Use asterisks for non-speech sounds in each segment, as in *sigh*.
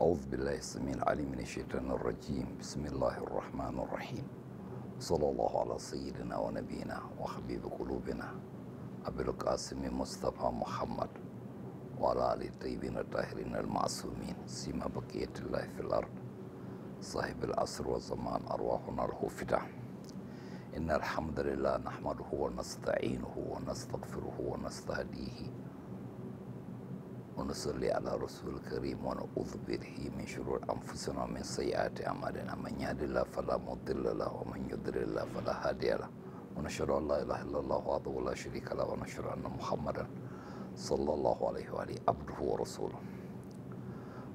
أعوذ بالله السميع العليم من الشيطان الرجيم بسم الله الرحمن الرحيم صلى الله على سيدنا ونبينا وحبيب قلوبنا أبي القاسم مصطفى محمد وعلى آل الطيبين الطاهرين المعصومين سيما بقية الله في الأرض صاحب العصر والزمان أرواحنا الهوفتة إن الحمد لله نحمده ونستعينه ونستغفره ونستهديه ونصلي على رسول الكريم ونعوذ به من شرور أنفسنا ومن سيئات أعمالنا من يهد الله فلا مضل له ومن يضلل الله فلا هادي له ونشهد أن لا إله إلا الله وحده لا شريك له ونشهد أن محمدا صلى الله عليه وآله عبده ورسوله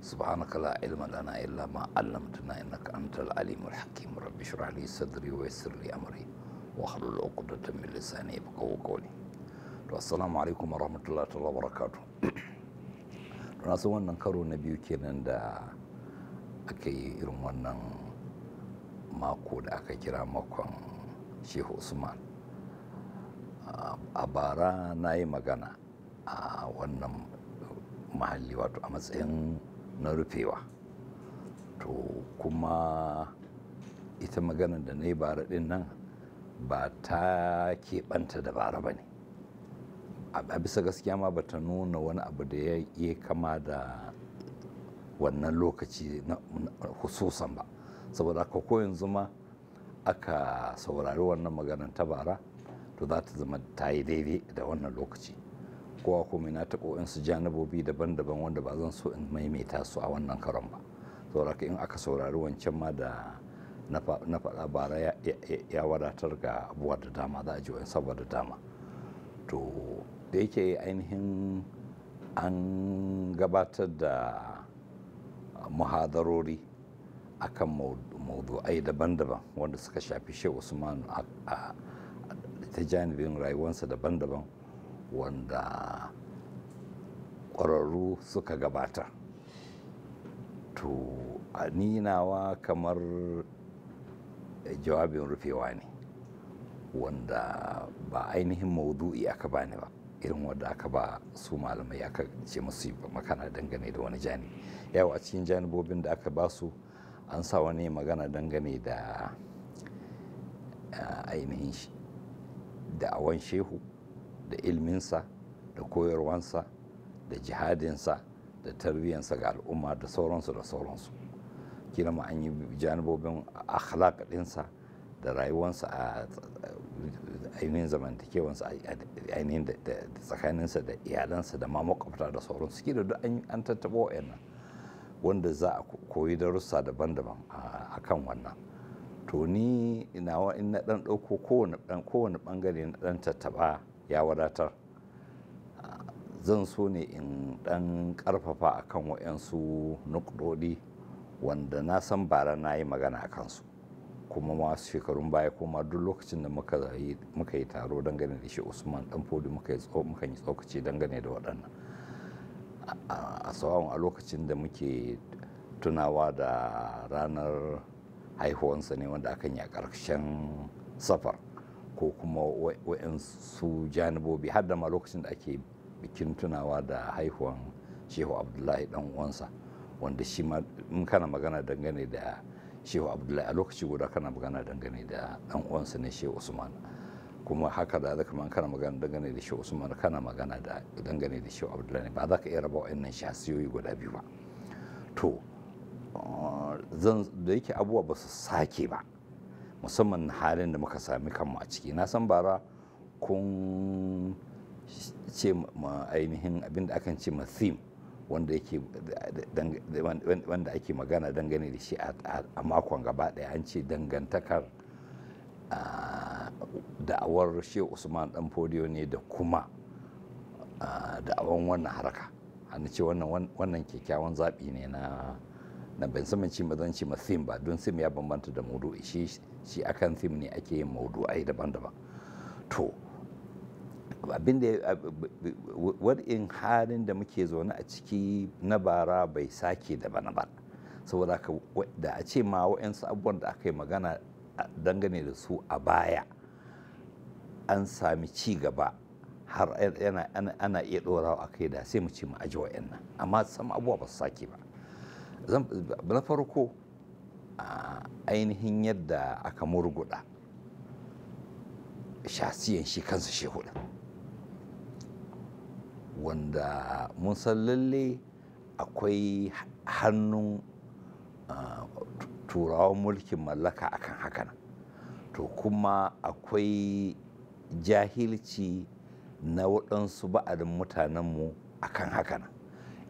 سبحانك لا علم لنا إلا ما علمتنا إنك أنت العليم الحكيم رب اشرح لي صدري ويسر لي أمري واحلل عقدة من لساني يفقهوا قولي السلام عليكم ورحمة الله تعالى وبركاته na san wannan karo na biyu kenan da aka yi irin wannan mako da aka kira makon shehu usman a bara na yi magana a wannan mahalli wato a matsayin na rufewa to kuma ita maganar da na yi bara din nan ba ta keɓanta da bara ba ne a bisa gaskiya ma ba ta nuna wani abu da ya kama da wannan lokaci na hususan ba saboda aka ko yanzu aka saurari wannan maganar ta bara to za ta zama ta yi daidai da wannan lokaci kowa komai na taɓo in su janabobi daban-daban wanda ba zan so in maimaita su a wannan karon ba saboda in aka saurari wancan ma da na faɗa bara ya wadatar ga abuwa da dama za a ji wani saboda dama to da yake ainihin an gabatar da muhadarori akan maudu'ai daban-daban wanda suka shafi shehu usman ta janibin rayuwarsa daban-daban wanda ƙwararru suka gabata to a ninawa kamar jawabin rufewa ne wanda ba ainihin maudu'i aka bani ba irin wanda aka ba su malamai aka ce musu makana dangane da wani jani yau a cikin janibobin da aka ba su an sa wani magana dangane da eh, ainihin shi, da awon shehu da ilminsa da koyarwansa da jihadinsa da tarbiyyansa ga al'umma da sauransu da sauransu kila ma an yi janibobin akhlaq da rayuwansa a ainihin zamantakewansa ainihin da tsakaninsa da iyalansa da ma makwabta da sauransu kila duk an tattaɓo wa'annan wanda za a koyi darussa daban-daban a kan wannan to ni ina in na ɗan ɗauko kowane ɓangare na ɗan tattaɓa ya wadatar zan so ne in dan karfafa kan waɗansu nukdodi wanda na san bara na yi magana a kansu kuma masu shekarun baya kuma duk lokacin da muka yi taro dangane da shi usman dan fodi muka yi tsokaci dangane da waɗannan a tsawon a lokacin da muke tunawa da ranar haihuwansa ne wanda akan yi a ƙarshen safar ko kuma wa'insu janibobi har da ma lokacin da ake bikin tunawa da haihuwan shehu abdullahi dan uwansa wanda shi ma in kana magana dangane da shehu abdullahi a lokaci guda kana magana dangane da dan uwansa ne shehu usman kuma haka da zaka man kana magana dangane da shehu usman kana magana da dangane da shehu abdullahi ba za ka iya raba wa'annan shasiyoyi guda biyu ba to ah, zan da yake abubuwa ba su sake ba musamman halin da muka sami kanmu a ciki na san bara kun ce ma ainihin abinda akan ce ma theme wanda ake magana dangane da shi a makon gaba daya an ce dangantakar da'awar shi usman dan podiyo ne da kuma da'awan wannan haraka an ce wannan kyakkyawan zaɓi ne na na ban mazanci ma theme ba don theme ya bambanta da mudu shi shi akan fim ne ake yin maudu'ai daban-daban to abinda in halin da muke zaune a ciki na bara bai sake da bana ba saboda da a ce ma wa'yansu abubuwan da aka yi magana dangane da su a baya an sami ci gaba har ana iya ɗorawa a kai da sai mu ce mu aji wa'yan nan amma sam abubuwa ba su sake ba na farko a ainihin yadda aka murguda shasiyan shi kansa shehu wanda mun san lalle akwai hannun turawan mulkin mallaka akan hakan to kuma akwai jahilci na waɗansu ba'adin mutanenmu akan hakan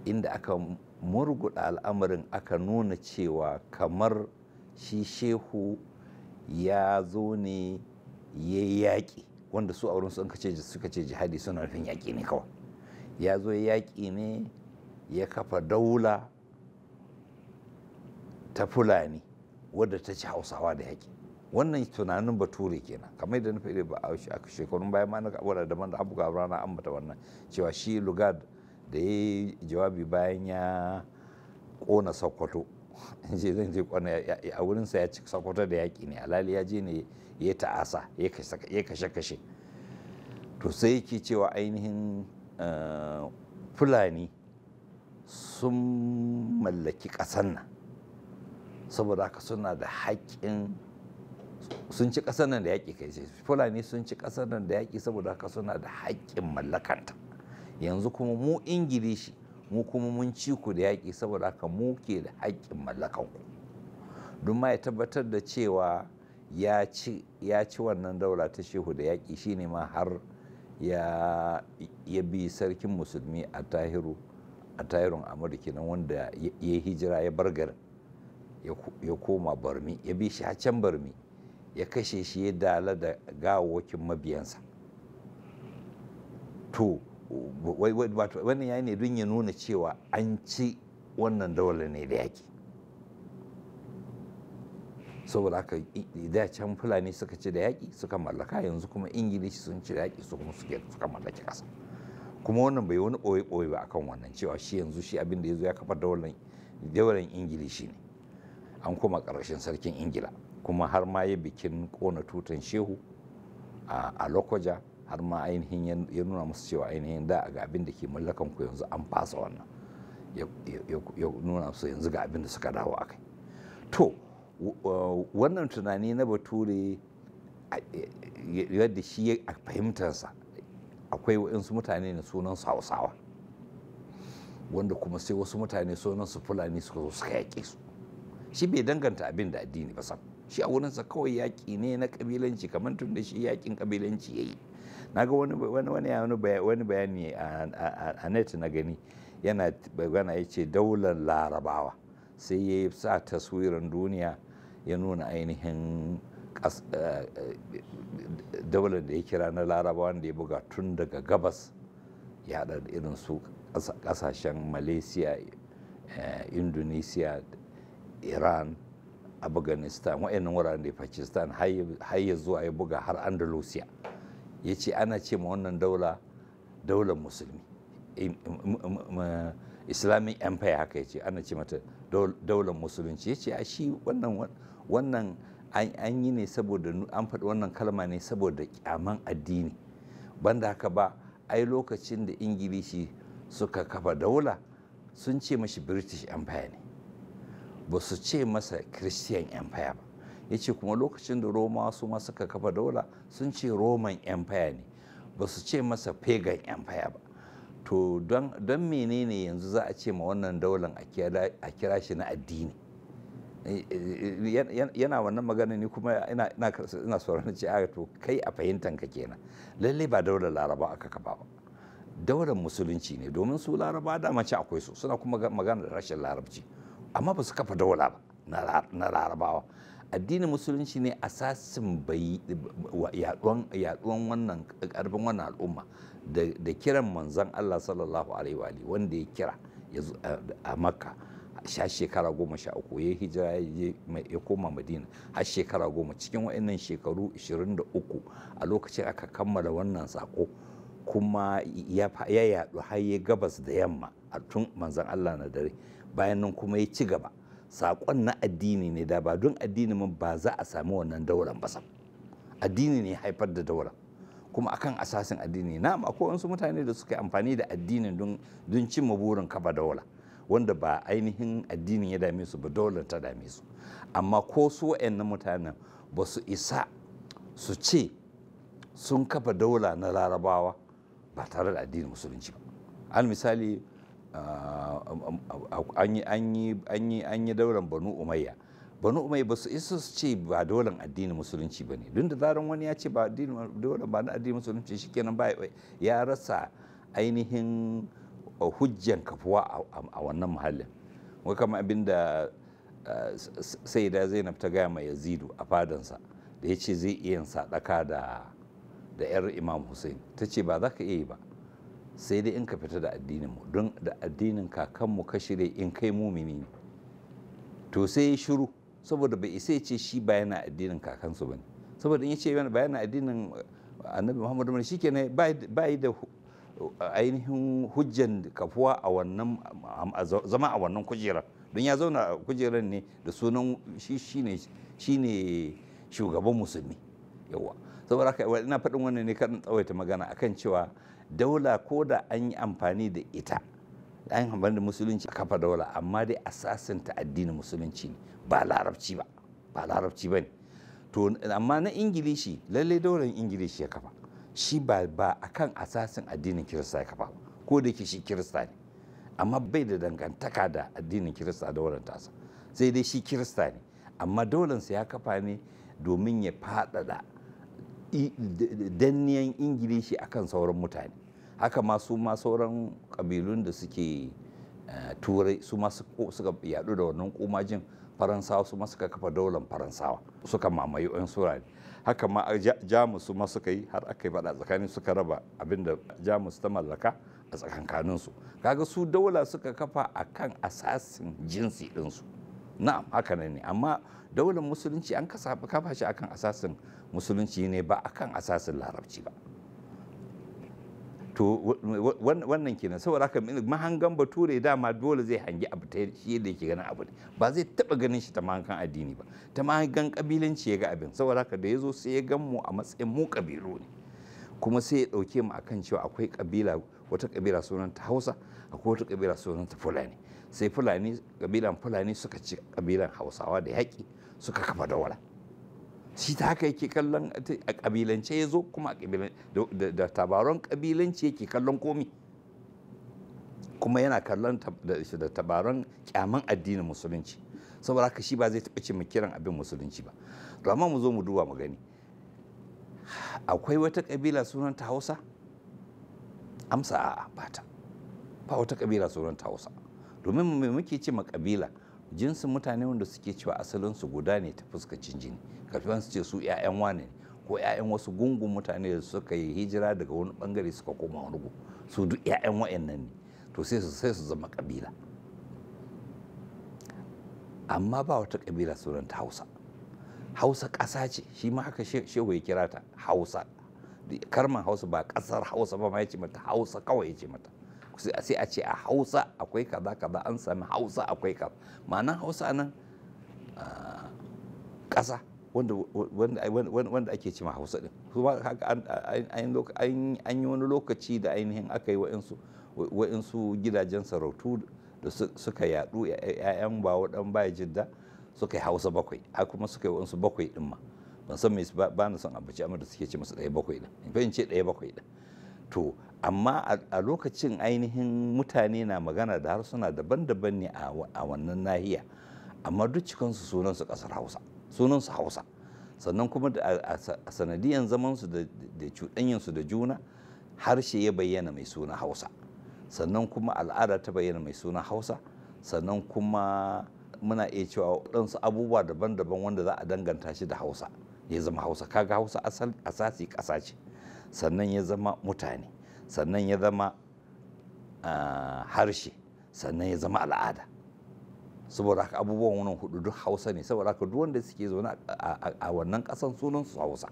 inda aka murguɗa al'amarin aka nuna cewa kamar shi shehu ya zo ne ya yaƙi wanda su a wurin suka ce jihadi suna nufin yaƙi ne kawai ya zo ya yaƙi ne ya kafa daula ta fulani wadda ta ci hausawa da yaƙi wannan tunanin bature kenan kamar da na faɗi ba a shekarun bayan ma na da daban da abu ga rana ambata wannan cewa shi lugard da ya yi jawabi bayan ya kona sokoto *laughs* je zan je kona a wurinsa ya ci sokoto da yaƙi ne alali ya je ne ya ta'asa ya kashe-kashe to sai yake cewa ainihin eh, fulani sun mallaki ƙasar nan saboda haka suna da haƙƙin sun ci ƙasar nan da yaƙi kai sai fulani sun ci ƙasar nan da yaƙi saboda haka suna da haƙƙin mallakanta yanzu kuma mu ingilishi mu kuma mun ci ku da yaƙi saboda haka mu ke da haƙƙin mallakanku don ma ya tabbatar da cewa ya ci wannan daula ta shehu da yaƙi shine ma har ya bi sarkin musulmi a tahiru a tahirun amurki nan wanda ya hijira ya bar garin ya koma barmi ya bi shi can barmi ya kashe shi ya dala da gawawakin mabiyansa to wannan ya ne don ya nuna cewa an ci wannan daular ne da yaki saboda haka da can fulani suka ci da yaki suka mallaka yanzu kuma ingilishi sun ci da yaƙi su kuma suka mallaki ƙasa kuma wannan bai wani ɓoye-ɓoye ba akan wannan cewa shi yanzu shi abin da ya zo ya kafa daular ingilishi ne an kuma ƙarshen sarkin ingila kuma har ma ya bikin ƙona tutan shehu a lokoja har ma ainihin ya nuna musu cewa ainihin da ga abin da ke mallakan yanzu an fasa wannan ya nuna musu yanzu ga abin da suka dawo a kai to wannan tunani na bature e, e, yadda shi a fahimtarsa akwai waɗansu mutane ne sunan hausawa wanda kuma sai wasu mutane sunan su fulani suka zo suka yaƙe su shi bai danganta abin da addini ba sam shi a wurinsa kawai yaƙi ne na ƙabilanci kamar tun da shi yaƙin ƙabilanci ya yi na ga wani bayani a net na gani yana bagana ya ce daular larabawa sai ya sa taswiran duniya ya nuna ainihin eh, eh, daular da ya kira na larabawa da ya buga tun daga gabas ya da irin su kasashen malaysia eh, indonesia iran afghanistan wa'annan wuraren da pakistan har zuwa ya buga har andalusia ya ce ana ce ma wannan daula daular musulmi uh, islamic empire haka ya ce ana ce mata daular musulunci ya ce a shi wannan wannan an yi ne saboda an faɗi wannan kalma ne saboda kyaman addini banda haka ba ai lokacin da ingilishi suka kafa daula sun ce mashi british empire ne ba su ce masa christian empire ba ya ce kuma lokacin da roma su ma ka kafa daula sun ce roman empire ne ba su ce masa pagan empire ba to don menene yanzu za a ce ma wannan daular a kira shi na addini eh, eh, eh, yana wannan magana ni kuma ina sauran ce a ah, to kai a fahimtanka kenan lallai ba daular laraba aka kafa ba daular musulunci ne domin su laraba dama ce akwai su suna kuma magana da rashin larabci amma ba su kafa daula ba na larabawa addinin musulunci ne asasin bai yaduwan wannan karfin wannan al'umma da kiran manzan Allah sallallahu alaihi wa wanda ya kira a makka sha shekara goma sha uku ya hijira ya koma madina har shekara goma cikin wa'annan shekaru 23 a lokacin aka kammala wannan sako kuma ya yadu har ya gabas da yamma a tun manzan Allah na dare bayan nan kuma ya ci gaba saƙon na addini ne da ba don addini mun ba za a sami wannan dauran ba sam addini ne haifar da dauran kuma akan asasin addini na akwai wasu mutane da suka amfani da addinin don cimma burin kafa daura wanda ba ainihin addinin ya dame su ba daura ta dame su amma ko su wayannan mutanen ba su isa su ce sun kafa daura na larabawa ba tare da addinin musulunci ba al misali an yi dauran banu umayya banu umayya ba su isa su ce ba dolan addinin musulunci ba ne don da zaran wani ya ce ba dolan ba na addinin musulunci shikenan ba ya rasa ainihin uh, hujjan kafuwa a wannan muhallin wai kama abin da uh, sai da zainab ta gaya mai yazidu a fadansa da ya ce zai iya sadaka da da yar imam hussein ta ce ba za ka iya yi ba sai dai in ka fita da addininmu don da addinin kakanmu ka shirya in kai mumini ne to sai ya shiru saboda bai isa ya ce shi bayana addinin kakansu ba ne saboda in ya ce bayana addinin eh, annabi muhammadu mai shi kenan ba yi da ainihin hujjan kafuwa a wannan zama a wannan kujera don ya zauna a kujerar ne da sunan shi ne shugaban musulmi yawa saboda haka ina faɗin wannan ne kan tsawaita magana akan cewa daula ko da an yi amfani da ita an amfani da musulunci a kafa daula amma dai ta addinin musulunci ne ba larabci ba ba larabci ba ne to amma na ingilishi lallai daular ingilishi ya kafa shi ba ba akan asasin addinin kirista ya kafa ko da yake shi kirista ne amma bai da dangantaka da addinin kirista daular tasa sai dai shi kirista ne amma daularsa ya kafa ne domin ya faɗaɗa danniyan ingilishi akan sauran mutane haka ma su ma sauran kabilun da suke eh, turai su ma suka yadu da wannan komajin faransawa su ma suka kafa daular faransawa suka mamaye yan surari haka ma jamus su ma suka yi har aka yi faɗa tsakanin suka raba abinda jamus ta mallaka a tsakankaninsu kaga su daula suka kafa a kan asasin jinsi ɗinsu na'am haka ne amma daular musulunci an kasa kafa shi akan asasin musulunci ne ba akan asasin larabci ba to wannan kenan saboda haka mahangan bature dama dole zai hangi abu ta shi da yake ganin abu ne ba zai taba ganin shi ta mahangan addini ba ta mahangan kabilanci ya ga abin saboda haka da ya zo sai ya gan mu a matsayin mu kabilu ne kuma sai ya dauke mu akan cewa akwai kabila wata kabila sunan hausa akwai wata kabila sunan ta fulani sai fulani kabilan fulani suka ci kabilan hausawa da yaƙi suka kafa daura shi ta haka yake kallon a kabilance ya zo kuma a da tabaron kabilanci yake kallon komi kuma yana kallon da tabaron kyaman addinin musulunci saboda haka shi ba zai taɓa cin kiran abin musulunci ba to amma mu zo mu duba mu gani akwai wata kabila sunanta hausa amsa a'a bata ba wata kabila sunanta hausa domin mai muke ce ma kabila jinsin mutane wanda suke cewa asalinsu guda ne ta fuskacin jini kafin su ce su 'ya'yan wane ne ko 'ya'yan wasu gungun mutane da suka yi hijira daga wani bangare suka koma wani gu su duk 'ya'yan wa'annan ne to sai su sai su zama kabila amma ba wata kabila sunan ta hausa hausa ƙasa ce shi ma haka shehu ya kira ta hausa karman hausa ba ƙasar hausa ba ma ya ce mata hausa kawai ya ce mata sai a ce a hausa akwai kaza kaza an sami hausa akwai kaza Ma'ana hausa nan ƙasa wanda ake cima hausa din kuma haka an yi wani lokaci da ainihin aka yi wa'insu gidajen sarautu da suka yadu ‘ya'yan bawa ɗan baya jidda suka yi hausa bakwai a kuma suka yi wa'insu bakwai ɗin ma ban san mai ba na son abuci amma da suke ce masu ɗaya bakwai ɗin in ce ɗaya bakwai ɗin to amma a lokacin ainihin mutane na magana da harsuna daban-daban ne a wannan nahiya amma duk cikinsu sunansu ƙasar hausa sunansu hausa sannan kuma a sanadiyan zamansu da cuɗanyansu da juna harshe ya bayyana mai suna hausa sannan kuma al'ada ta bayyana mai suna hausa sannan kuma muna iya cewa ɗansu abubuwa daban-daban wanda za a danganta shi da hausa ya zama hausa kaga hausa asasi ƙasa ce sannan ya zama mutane sannan ya zama ah, harshe sannan ya zama al'ada saboda haka abubuwan wannan hudu duk hausa ne saboda haka duk wanda suke zaune a wannan kasan sunan su hausa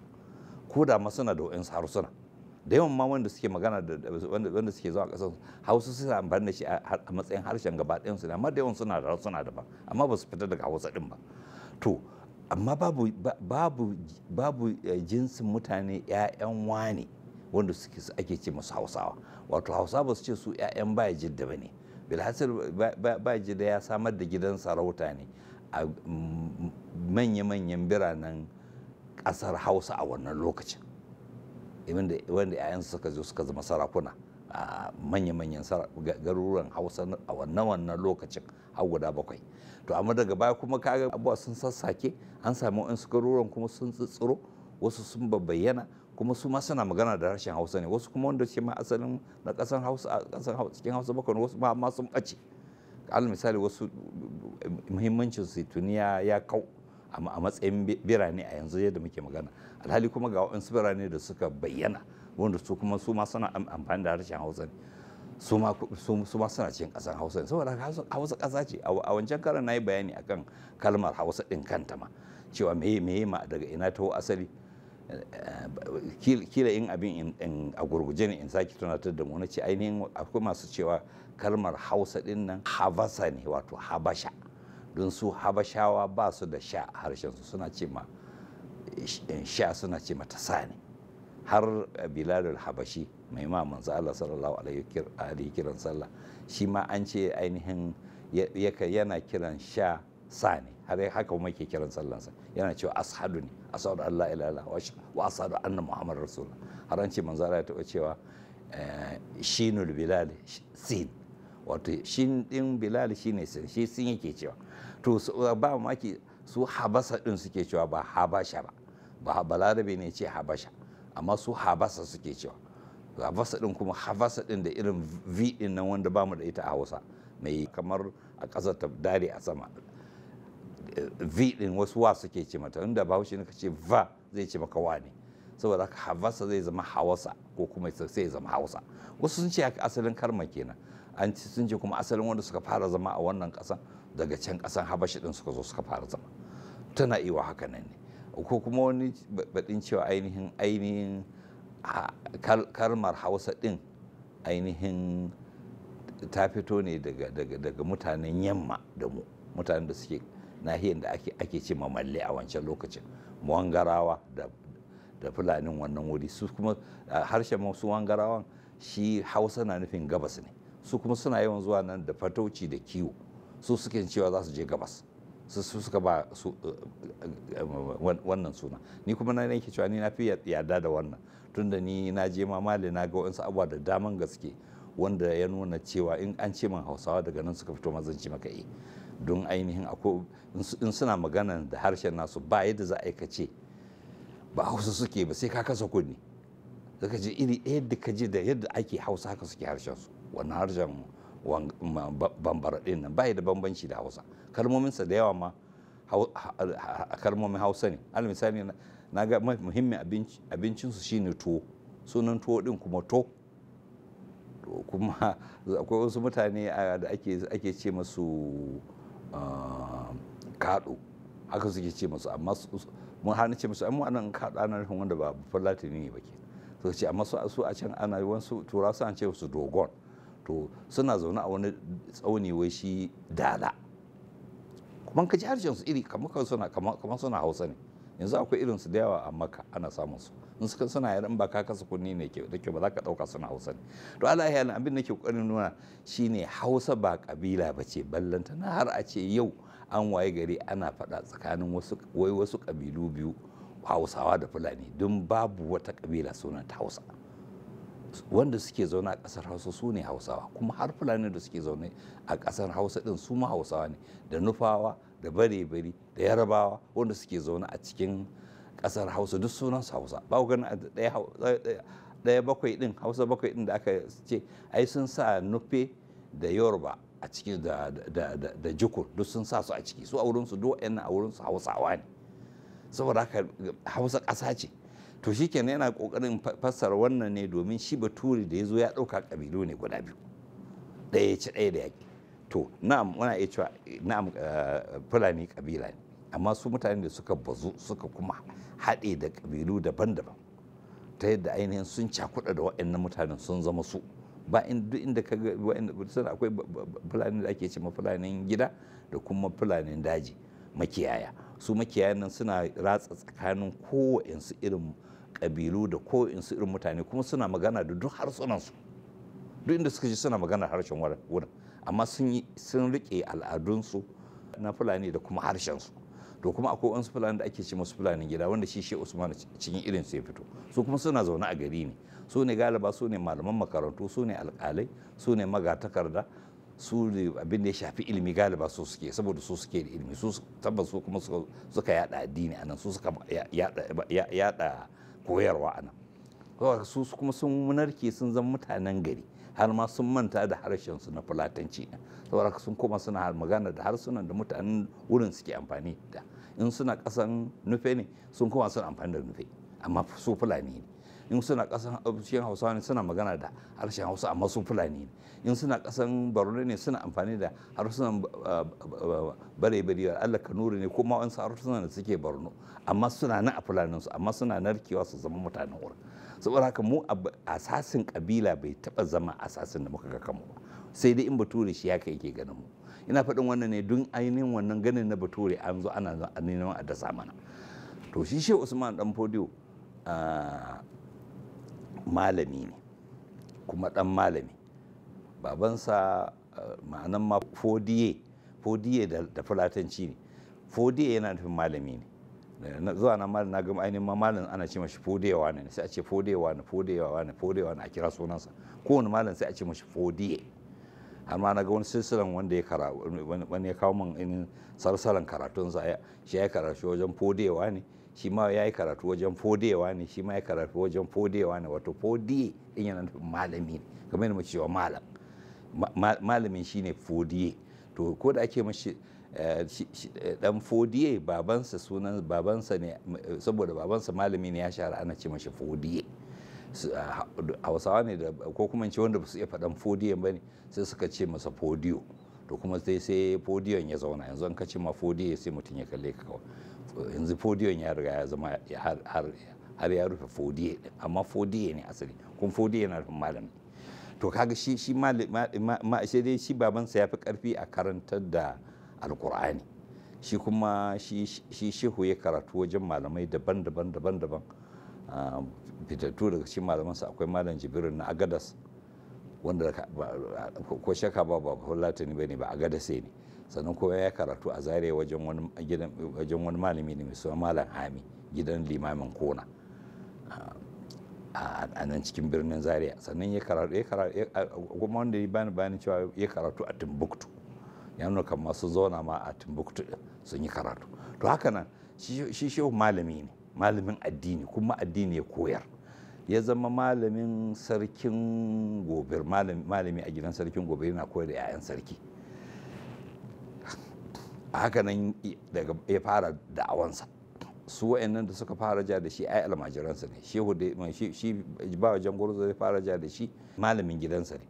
ko da ma suna da wa'insu harsuna da yawan ma wanda suke magana da wanda suke zuwa kasan hausa suna amfani da shi a matsayin harshen gaba ɗayan su amma da yawan suna da harsuna daban amma ba su fita daga hausa din ba to amma babu babu babu eh, jinsin mutane 'ya'yan wane wanda suke ake ce musu hausawa wato hausa ba su ce su 'ya'yan baya jidda ba ne bilhassar baya jidda ya samar da gidan sarauta ne a manya-manyan biranen kasar hausa a wannan lokacin wanda 'ya'yansu suka zo suka zama sarakuna a manya-manyan garuruwan hausa a wannan wannan lokacin har guda bakwai to amma daga baya kuma kaga abubuwa sun sassake an samu wasu garuruwan kuma sun tsitsiro wasu sun babbayyana kuma su ma suna magana da harshen hausa ne wasu kuma wanda suke ma asalin na kasan hausa kasar cikin hausa bakwai wasu ma ma sun ɓace al misali wasu muhimmancin su tuniya ya kau a matsayin birane a yanzu yadda muke magana alhali kuma ga waɗansu birane da suka bayyana wanda su kuma su ma suna amfani da harshen hausa ne su ma suna cikin ƙasar hausa ne saboda hausa ƙasa ce a wancan karan na yi bayani akan kalmar hausa ɗin kanta ma cewa meye meye ma daga ina ta asali kila in abin in a gurguje ne in sake tunatar da mu na ce ainihin akwai masu cewa kalmar hausa din nan habasa ne wato habasha don su habashawa ba su da sha harshen su suna ce ma eh, sha suna ce mata sa ne har bilalul habashi mai ma manzo Allah sallallahu alaihi kiran sallah shi ma an ce ainihin yana kiran sha sa ne har haka kuma yake kiran sallansa yana cewa ashadu ne ashadu Allah ila Allah wa ashadu anna Muhammad rasulullah har an ce manzo Allah ya taɓa cewa shinul bilal sin wato shin din bilal shine sin shi sin yake cewa to ba ake su habasa din suke cewa ba habasha ba ba balarabe ne ce habasha amma su habasa suke cewa habasa din kuma habasa din da irin v din nan wanda bamu da ita a Hausa mai kamar a kasar ta dare a sama v din wasu wa suke ce mata inda bahaushe ne kace va zai ce maka wa ne saboda haka havasa zai zama hawasa ko kuma sai ya zama hausa wasu sun ce asalin karma kenan an ci sun ce kuma asalin wanda suka fara zama a wannan kasan daga can kasan habashi din suka zo suka fara zama tana iya haka nan ne ko kuma wani baɗin cewa ainihin ainihin kalmar hausa din ainihin ta fito ne daga mutanen yamma da mu mutanen da suke nahiyar da ake ake ce mamalle a wancan lokacin wangarawa da da fulanin wannan wuri su kuma harshen su wangarawa shi hausa na nufin gabas ne su kuma suna yawan zuwa nan da fatauci da kiwo su suke cewa za su je gabas su suka ba su eh, eh, wannan suna ni kuma na nake cewa ni na fi yada da wannan tunda ni na je mamali na ga wansu abubuwa da daman gaske wanda ya nuna cewa in an ce man hausawa daga nan suka fito ci maka eh don ainihin in suna magana da harshen nasu ba yadda za a yi ce ba hausa suke ba sai ka kasa kunne. zaka ji iri ɗaya da ka ji da yadda ake hausa haka suke harshen su wannan harshen bambara ɗin nan ba da bambanci da hausa kalmominsa da yawa ma kalmomin hausa ne al misali na ga muhimmin abincinsu shine tuwo sunan tuwo ɗin kuma to kuma *laughs* akwai wasu mutane da ake ce masu kaɗo haka suke ce masu amma mun hana ce musu amma anan kaɗo ana rufin wanda ba latini ne ba ke to ce amma su a can ana yi wasu tura su an ce su dogon to suna zaune a wani tsauni wai shi dala kuma ka ji harshen su iri kamar suna hausa ne yanzu akwai irin su da yawa a maka ana samun su in suka suna yar in ba ka kasa kunni ne ke da ba za ka dauka suna hausa ne to ala ya abin nake kokarin nuna shine hausa ba kabila ba ce ballanta na har a ce yau an waye gari ana faɗa tsakanin wasu wai kabilu biyu hausawa da fulani don babu wata kabila sunan ta hausa wanda suke zaune a ƙasar hausa su ne hausawa kuma har fulani da suke zaune a ƙasar hausa din su ma hausawa ne da nufawa da bare-bari da yarabawa wanda suke zaune a cikin kasar hausa duk sunansu hausa ba ku gani ɗaya bakwai ɗin hausa bakwai ɗin da aka ce ai sun sa nufe da yoruba a ciki da, da, jukur duk sun sa su a ciki su a wurinsu duk yana a wurinsu hausawa ne saboda haka hausa ƙasa ce to shi kenan yana ƙoƙarin fassara wannan ne domin shi baturi da ya zo ya ɗauka ƙabilu ne guda biyu ɗaya ya ci ɗaya da yaƙi to na'am muna iya cewa na'am eh, fulani kabila ne amma su mutane da suka bazu suka kuma haɗe da kabilu daban-daban ta yadda ainihin sun cakuɗa da waɗannan mutanen sun zama su ba duk inda ka ga waɗanda akwai fulani da ake ce ma fulanin gida da kuma fulanin daji makiyaya su makiyayan nan suna ratsa tsakanin kowaɗansu irin kabilu da kowaɗansu irin mutane kuma suna magana da duk harsunansu duk inda suka ji suna magana harshen wurin amma sun rike al'adunsu na fulani da kuma harshensu to kuma akwai wasu fulani da ake ce masu fulani gida wanda shi shi usman cikin irin sai fito su kuma suna zaune a gari ne su ne galiba su ne malaman makarantu su ne alkalai su ne magatakarda su ne abin da ya shafi ilimi galiba su suke saboda su suke da ilimi su tabbas su kuma suka yada addini anan su suka yada koyarwa anan su kuma sun narke sun zama mutanen gari har ma sun manta da harshensu na fulatanci saboda sun koma suna magana da harsunan da mutanen wurin suke amfani da in suna kasan nufe ne sun koma suna amfani da nufe amma su fulani ne in suna kasan abincin hausa ne suna magana da harshen hausa amma su fulani ne in suna kasan barone ne suna amfani da harsunan ah, bare bare Allah kanuri ne kuma wani harsunan da suke barno amma suna na a fulaninsu amma suna narkewa su zama mutanen wurin saboda haka mu asasin kabila bai taba zama asasin da muka ga kanmu ba sai dai in bature shi ya kai ke ganin mu ina faɗin wannan ne don ainihin wannan ganin na bature an zo ana neman a dasa mana to shi shi usman dan fodiyo ah, malami ne kuma dan malami babansa ah, ma'anan ma fodiye fodiye da fulatanci ne fodiye yana nufin malami ne Eh, zuwa na malin na gama ainihin ma malin ana ce mashi fodewa ne sai a ce fodewa ne fodewa ne fodewa ne a kira sunansa kowane malin sai a ce mashi fodiye amma na ga wani silsilan wanda ya kara wani ya kawo min in sarsalan karatun sa shi ya karatu wajen fodewa ne shi ma ya yi karatu wajen fodewa ne shi ma ya karatu wajen fodewa ne wato fodiye in yana nufin malami ne kamar yadda mace cewa malam malamin shine fodiye to ko da ake mashi Eh, eh, dan fodiye babansa sunan babansa ne eh, saboda babansa malami ne ya shara ana ce mashi fodiye ah, hausawa ne da ko kuma ce wanda ba su iya faɗan fodiye ba ne sai suka ce masa fodiyo to kuma sai sai fodiyon ya zauna yanzu an kace ma fodiye sai mutum ya kalle ka yanzu fodiyon ya riga ya zama har ya rufe fodiye amma fodiye ne asali kun fodiye na rufin malami to kaga shi shi dai shi babansa ya fi karfi a karantar da alkur'ani shi kuma shi shehu ya karatu wajen malamai daban-daban daban-daban ah, fitattu daga cikin malamansa akwai malam jibirin na agadas wanda ko shaka ba ba fulatani ba ne ba agadas ne sannan kuma ya karatu a zare wajen wani malami ne mai suna malam hami gidan limamin kona ah, a nan cikin birnin zaria sannan ya karatu kuma wanda ya bani bani cewa ya karatu a timbuktu ya nuna masu sun zauna ma a timbuktu sun yi karatu to haka nan shi shi malami ne malamin addini kuma addini ya koyar ya zama malamin sarkin gobe malami a gidan sarkin gobe yana koyar da 'ya'yan sarki a haka nan ya fara da'awansa su wa'annan da suka fara ja da shi ai almajiransa ne da shi ba wajen zai fara ja da shi malamin gidansa ne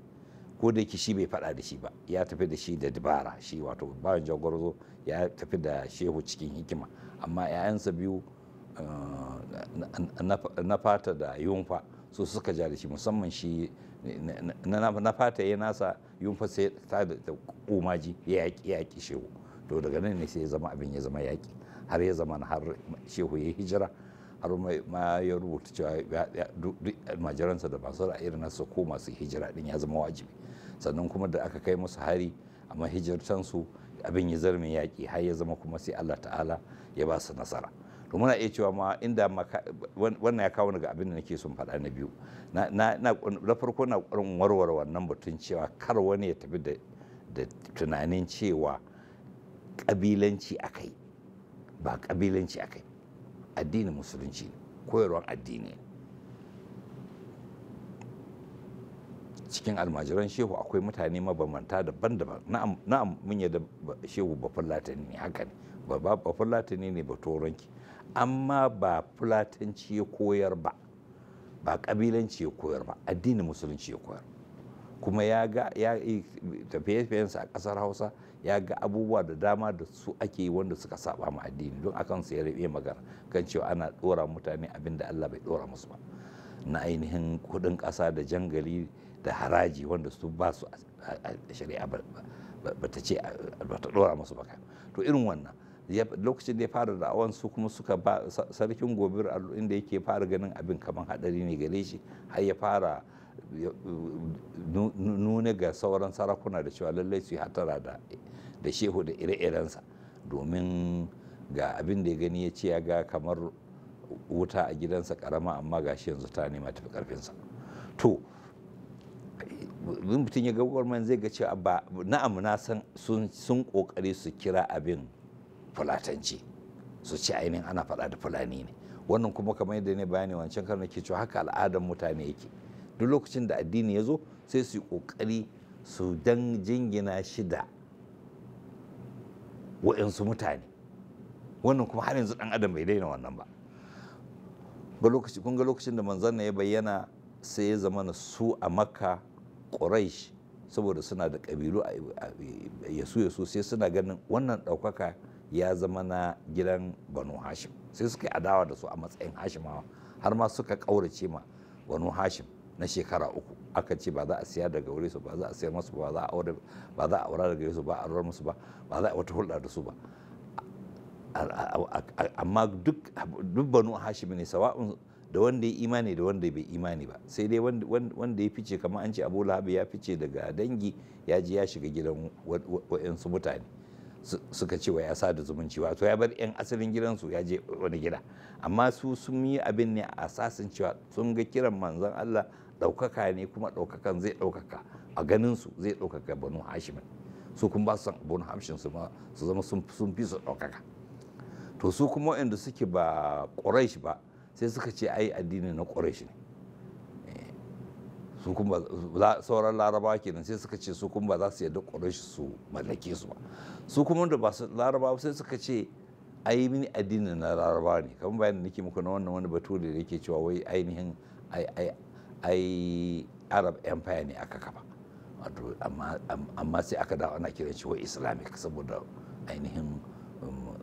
ko da yake shi bai faɗa da shi ba ya tafi da shi da dabara shi wato bawan jagwarzo ya tafi da shehu cikin hikima amma 'ya'yansa biyu eh, na fata da yunfa su suka ja da shi musamman shi na fata ya nasa yunfa sai ta da kumaji ya yaƙi shehu to daga nan ne sai ya zama abin ya zama yaƙi har ya zama har shehu ya hijira har ma ya rubuta cewa duk almajiransa da masu irin nasa ko masu hijira din ya zama wajibi sannan kuma da aka kai musu hari amma hijirtansu abin ya zarmin yaƙi har ya zama kuma sai Allah ta'ala ya ba su nasara to muna iya cewa ma inda wannan ya kawo daga abin da nake son faɗa na biyu na farko na ƙwarin warware wannan batun cewa kar wani ya tafi da tunanin cewa ƙabilanci akai ba ƙabilanci akai addinin musulunci koyarwar addini cikin almajiran shehu akwai mutane mabambanta daban-daban na'am mun yadda shehu ba fulatani ne haka ne ba ba fulatani ne ba turanki amma ba fulatanci ya koyar ba ba kabilanci ya koyar ba addinin musulunci ya koyar kuma ya ga ya tafiye-tafiyensa a ƙasar hausa ya ga abubuwa da dama da su ake yi wanda suka saba ma addini don akan su ya rabe magana kan cewa ana dora mutane abin da Allah bai dora musu ba na ainihin kudin kasa da jangali da haraji wanda su ba su shari'a ba ta ce ba ta dora musu ba to irin wannan lokacin da ya fara da'awan su kuma suka ba sarkin gobir inda yake fara ganin abin kamar hadari ne gare shi har ya fara nuna ga sauran sarakuna da cewa lallai su yi hatara da da shehu da ire-irensa domin ga abin da ya gani ya ce ya ga kamar wuta a gidansa karama amma ga shi yanzu ta nema tafi karfinsa to mutum ya ga gwarman zai ga cewa ba na'am na san sun kokari su kira abin fulatanci su ce ainihin ana faɗa da fulani ne wannan kuma kamar yadda ne bayani wancan karnar ke cewa haka al'adar mutane yake duk lokacin da addini ya zo sai su yi kokari su dan jingina shida. wa'yansu mutane wannan kuma har yanzu dan adam bai daina wannan ba ga lokaci kun ga lokacin da manzon ya bayyana sai ya zama na su a makka quraish saboda suna da kabilu a yasu yasu sai suna ganin wannan ɗaukaka ya zama na gidan banu hashim sai suka yi adawa da su a matsayin hashimawa har ma suka ƙaurace ma banu hashim na shekara uku aka ce ba za a siya daga wuri su ba za a siya masu ba za a aure ba za a aura daga su ba a aurar musu ba ba za a wata hulɗa da su ba amma duk duk banu hashimi ne sawa'un da wanda ya imani da wanda bai imani ba sai dai wanda ya fice kamar an ce abu lahabi ya fice daga dangi ya ji ya shiga gidan wa'yansu mutane suka ce wa ya sa da zumunci wato ya bar 'yan asalin gidansu ya je wani gida amma su sun yi abin ne a asasin cewa sun ga kiran manzon Allah ɗaukaka ne kuma ɗaukakan zai ɗaukaka a ganin su zai ɗaukaka banu hashim su kuma ba su san banu hashim su su zama sun fi su ɗaukaka to su kuma waɗanda suke ba ƙuraish ba sai suka ce ai addini na ƙuraish ne su kuma sauran larabawa kenan sai suka ce su kuma ba za su yadda ƙuraish su mallake su ba su kuma da ba su larabawa sai suka ce ai mini addini na larabawa ne kamar bayan da nake muku na wannan wani batu da yake cewa wai ainihin ai ai ai arab empire ne aka kafa amma sai aka dawo ana kiran shi wa islamic saboda ainihin um,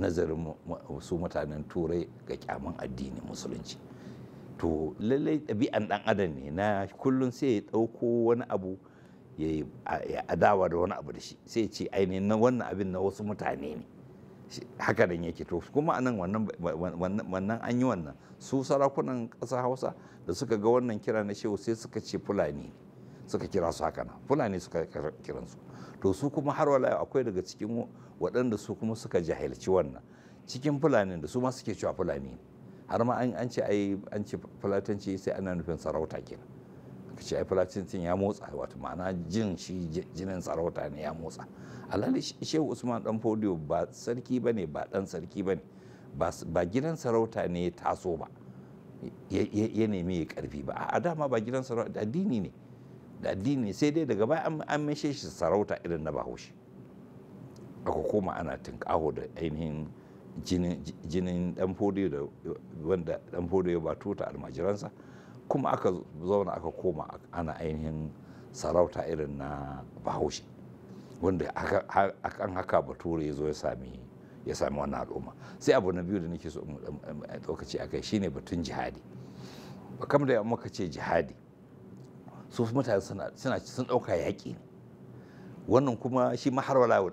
nazarin su mutanen turai ga kyaman addini musulunci to lallai ɗabi'an ɗan adam ne na kullum sai ya ɗauko wani abu ya adawa da wani abu da shi sai ce ainihin wannan abin na wasu mutane ne haka da yake to kuma anan wannan an yi wannan su sarakunan ƙasar hausa da suka ga wannan kira na shehu sai suka ce fulani suka kira su haka nan fulani suka kiran su to su kuma har wala akwai daga cikin waɗanda su kuma suka jahilci wannan cikin fulani da su ma suke cewa fulani har ma an ce ai an ce fulatanci sai ana nufin sarauta kenan aka ce ai ya motsa wato ma'ana jin shi jinin sarauta ne ya motsa alhali shehu usman dan fodiyo ba sarki ba ne ba dan sarki ba ba gidan sarauta ne ya taso ba ya nemi ya karfi ba a dama ba gidan sarauta addini ne da addini sai dai daga baya an mishe shi sarauta irin na bahaushe aka koma ana tunƙaho da ainihin jinin dan fodiyo da wanda dan fodiyo ba tuta almajiransa kuma aka zauna aka koma ana ainihin sarauta irin na bahaushe wanda akan haka bature ya zo ya sami ya sami wannan al'umma sai abu na biyu da nake so in tsokaci a kai shine batun jihadi kam da muka ce jihadi su mutane suna sun ɗauka yaƙi ne wannan kuma shi maharwala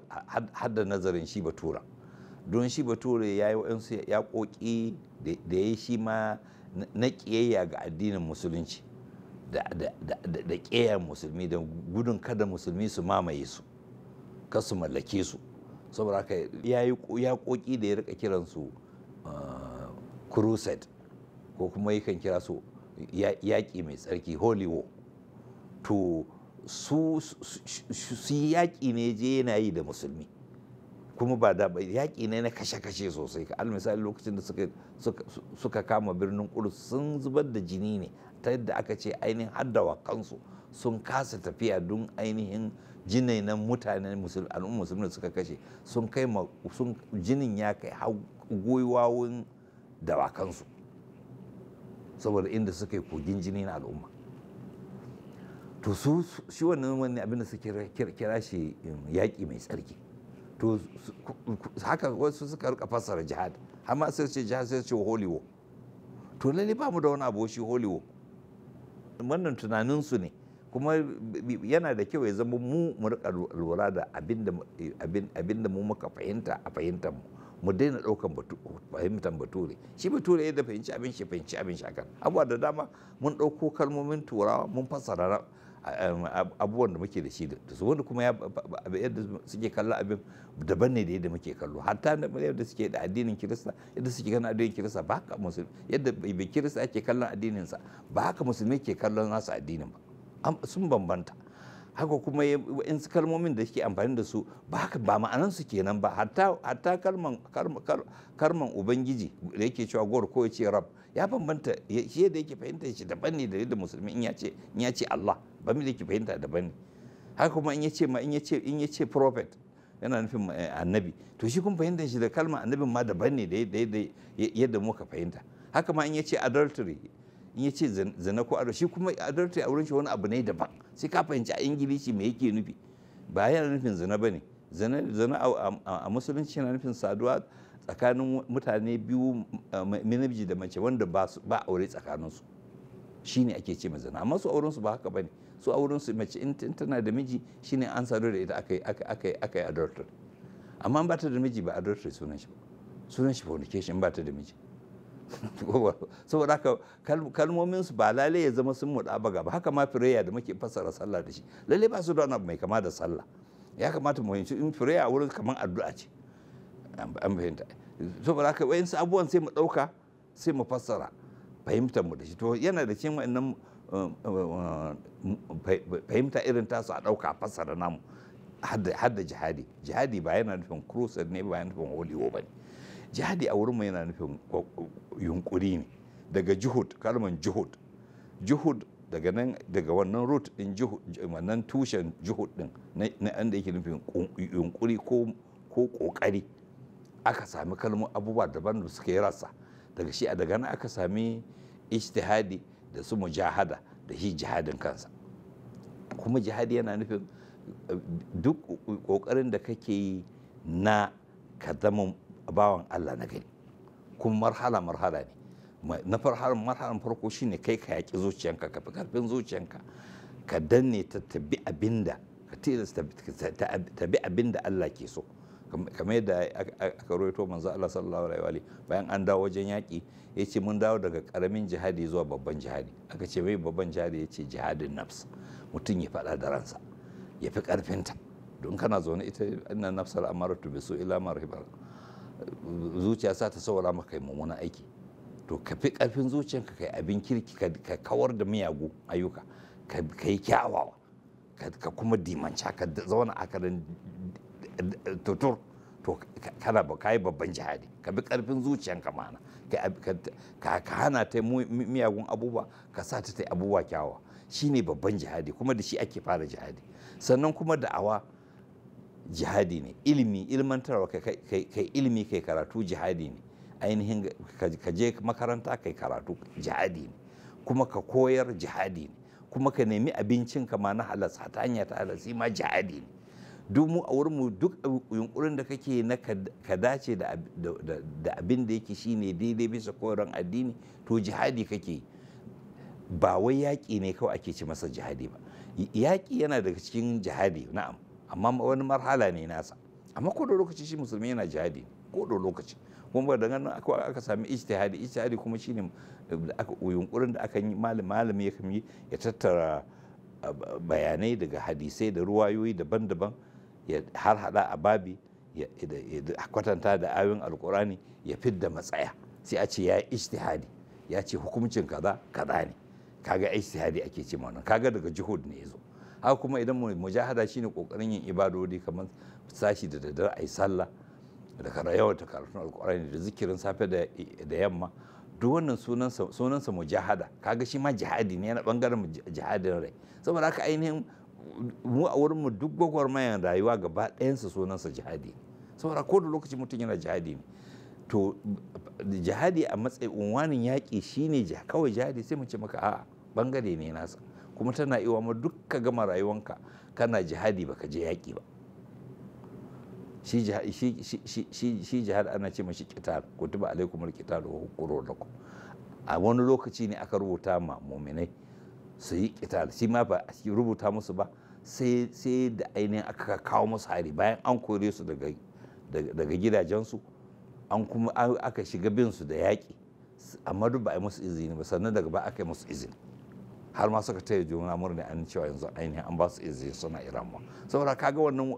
hadda nazarin shi batura don shi bature ya yi ya yaƙoƙi da ya yi shi ma na ƙiyayya ga addinin musulunci da ƙiyayya musulmi don gudun kada musulmi su mamaye su kar su mallake su saboda haka ya yi yaƙoƙi da ya rika kiransu uh, crusade ko kuma yakan kira su yaƙi mai tsarki holy war to su yi yaƙi ne je yana yi da musulmi kuma ba da ba yaƙi ne na kashe-kashe sosai ka misali lokacin da suka kama birnin Kudus sun zubar da jini ne ta yadda aka ce ainihin haddawa kansu sun kasa tafiya don ainihin jinai na mutanen al'ummar musulmi da suka kashe sun kai sun jinin ya kai gwiwawun dawakansu saboda inda suka yi kogin jini na al'umma to su shi wannan wani abin da suke kira shi um, yaƙi mai tsarki to haka wasu suka rika fassara jihad amma sai ce jihad sai ce holiwo to lalle ba mu da wani abu shi holiwo wannan tunaninsu ne kuma yana da kyau ya zama mu mu rika lura da abin da mu muka fahimta a fahimtar mu mu daina ɗaukan fahimtar bature shi bature yadda fahimci abin shi fahimci abin shi akan abuwa da dama mun ɗauko kalmomin turawa mun fassara Um, abubuwan da muke da shi da su wanda kuma yadda suke kallon abin daban ne da yadda muke kallo hatta yadda suke da addinin kirista yadda suke kallon addinin kirista ba haka musulmi yadda bai kirista ake kallon addininsa ba haka musulmi ke kallon nasu addinin ba sun bambanta haka kuma in su kalmomin da suke amfani da su ba haka ba ma'anan su kenan ba hatta kalman ubangiji da yake cewa gor ko ya ce rab ya bambanta shi da yake fahimta shi daban ne da yadda musulmi in ya ce in ya ce Allah ba mu da yake fahimta daban ne haka kuma in ya ce ma in ya ce in ya ce prophet yana nufin eh, annabi to shi kun fahimta shi da kalma annabin ma daban ne da yadda muka fahimta haka ma in ya ce adultery in ya ce zina ko ado shi kuma adultery a wurin shi wani abu ne daban sai ka fahimci a ingilishi me yake nufi ba yana nufin zina ba ne zina a musulunci yana nufin saduwa tsakanin mutane biyu eh, namiji da mace wanda ba aure tsakaninsu shi ne ake ce zina amma su aurensu ba haka ba ne su aurensu mace in tana da miji shi ne an sadu da ita aka yi adultery amma ba ta da miji ba adultery sunan shi sunan shi fornication ba ta da miji *laughs* saboda haka kalmomin su ba lalai ya zama sun muɗa ba gaba haka ma fireya da muke fassara sallah da shi lalle ba su da wani abu mai kama da sallah ya kamata mu fahimci in fireya wurin kamar addu'a ce an fahimta saboda abubuwan sai mu ɗauka sai mu fassara fahimtar mu da shi to yana da cikin wa'annan eh, eh, eh, fahimta irin tasu a ɗauka fassara namu har da jihadi jihadi ba yana nufin crusade ne ba yana nufin holiwo ba ne jihadi a wurin mu yana nufin yunkuri ne daga juhud kalman juhud juhud daga nan daga wannan root din jihud wannan tushen juhud din na inda yake nufin yunkuri ko kokari aka sami kalmo abubuwa daban da suka yi rasa daga shi a daga nan aka sami ijtihadi da su mujahada da shi jihadin kansa kuma jihadi yana nufin eh, duk kokarin da kake yi na ka zama bawan Allah na gani kuma marhala marhala ne na farhalar marhalar farko shine kai ka yaƙi zuciyanka ka fi karfin zuciyanka ka danne ta tabi abinda ka tilasta tabi abinda Allah ke so kamar yadda aka rawaito manzo Allah sallallahu alaihi wa bayan an dawo wajen yaki yace mun dawo daga karamin jihadi zuwa babban jihadi aka ce mai babban jihadi yace jihadin nafs mutum ya fada da ransa ya fi karfinta don kana zaune ita inna nafsal amaratu bisu ila marhibar zuciya sa ta saura maka kai mummunan aiki to ka fi karfin zuciyanka kai abin kirki ka kawar da miyagu ayyuka ka yi kyawawa ka kuma dimanci ka zauna a karin tutur to kana ba kai babban jihadi ka bi karfin zuciyanka mana ka hana ta miyagun abubuwa ka sa ta ta abubuwa kyawa shine babban jihadi kuma da shi ake fara jihadi sannan kuma da'awa jihadi ne ilimi ilmantarwa kai ilimi kai karatu jihadi ne ainihin ka je makaranta kai karatu jihadi ne kuma ka koyar jihadi ne kuma ka nemi abincin ka ma na ta hanya ta halasi ma jihadi ne duk mu a wurin mu duk yunkurin da kake na ka dace da abin da yake shine daidai bisa koran addini to jihadi kake ba wai yaƙi ne kawai ake ci masa jihadi ba yaƙi yana daga cikin jihadi na'am amma wani marhala ne nasa amma ko da lokaci shi musulmi yana jihadi ko da lokaci kuma ba daga nan aka sami ijtihadi ijtihadi kuma shine yunkurin da aka yi malami ya ya tattara ah, bayanai daga hadisai da ruwayoyi daban-daban ya har hada a babi ya kwatanta da ayoyin alkurani ya fidda matsaya sai a ce ya yi ijtihadi ya ce hukuncin kaza kaza ne kaga ijtihadi ake ce wannan kaga daga jihud ne yazo haka kuma idan mujahada shine kokarin yin ibadodi kamar sashi da daddare ayi sallah da kara ta karatun alkurani da zikirin safe da yamma duk wannan sunansa mujahada kaga shi ma jihadi ne na bangaren jihadin rai saboda haka ainihin mu a wurin mu duk gwagwarmayan rayuwa gaba ɗayansa sunansa jihadi saboda ko da lokaci mutum yana jihadi ne to jihadi a matsayin unwanin yaƙi shine kawai jihadi sai mu ce maka a bangare ne nasa kuma tana iwa wa duk ka gama rayuwanka kana jihadi baka je yaƙi ba shi jihadi ana ce mashi kitar kutuba alaikumul kitar wa hukuru lakum a wani lokaci ne aka rubuta ma muminai su yi ita shi ma ba a rubuta musu ba sai da ainihin aka kawo musu hari bayan an kore su daga gidajensu an kuma aka shiga bin su da yaƙi amma duk ba a yi musu izini ba sannan daga ba aka yi musu izini har ma suka taya juna murna an cewa yanzu ainihin an ba su izini suna iran ma saboda kaga wannan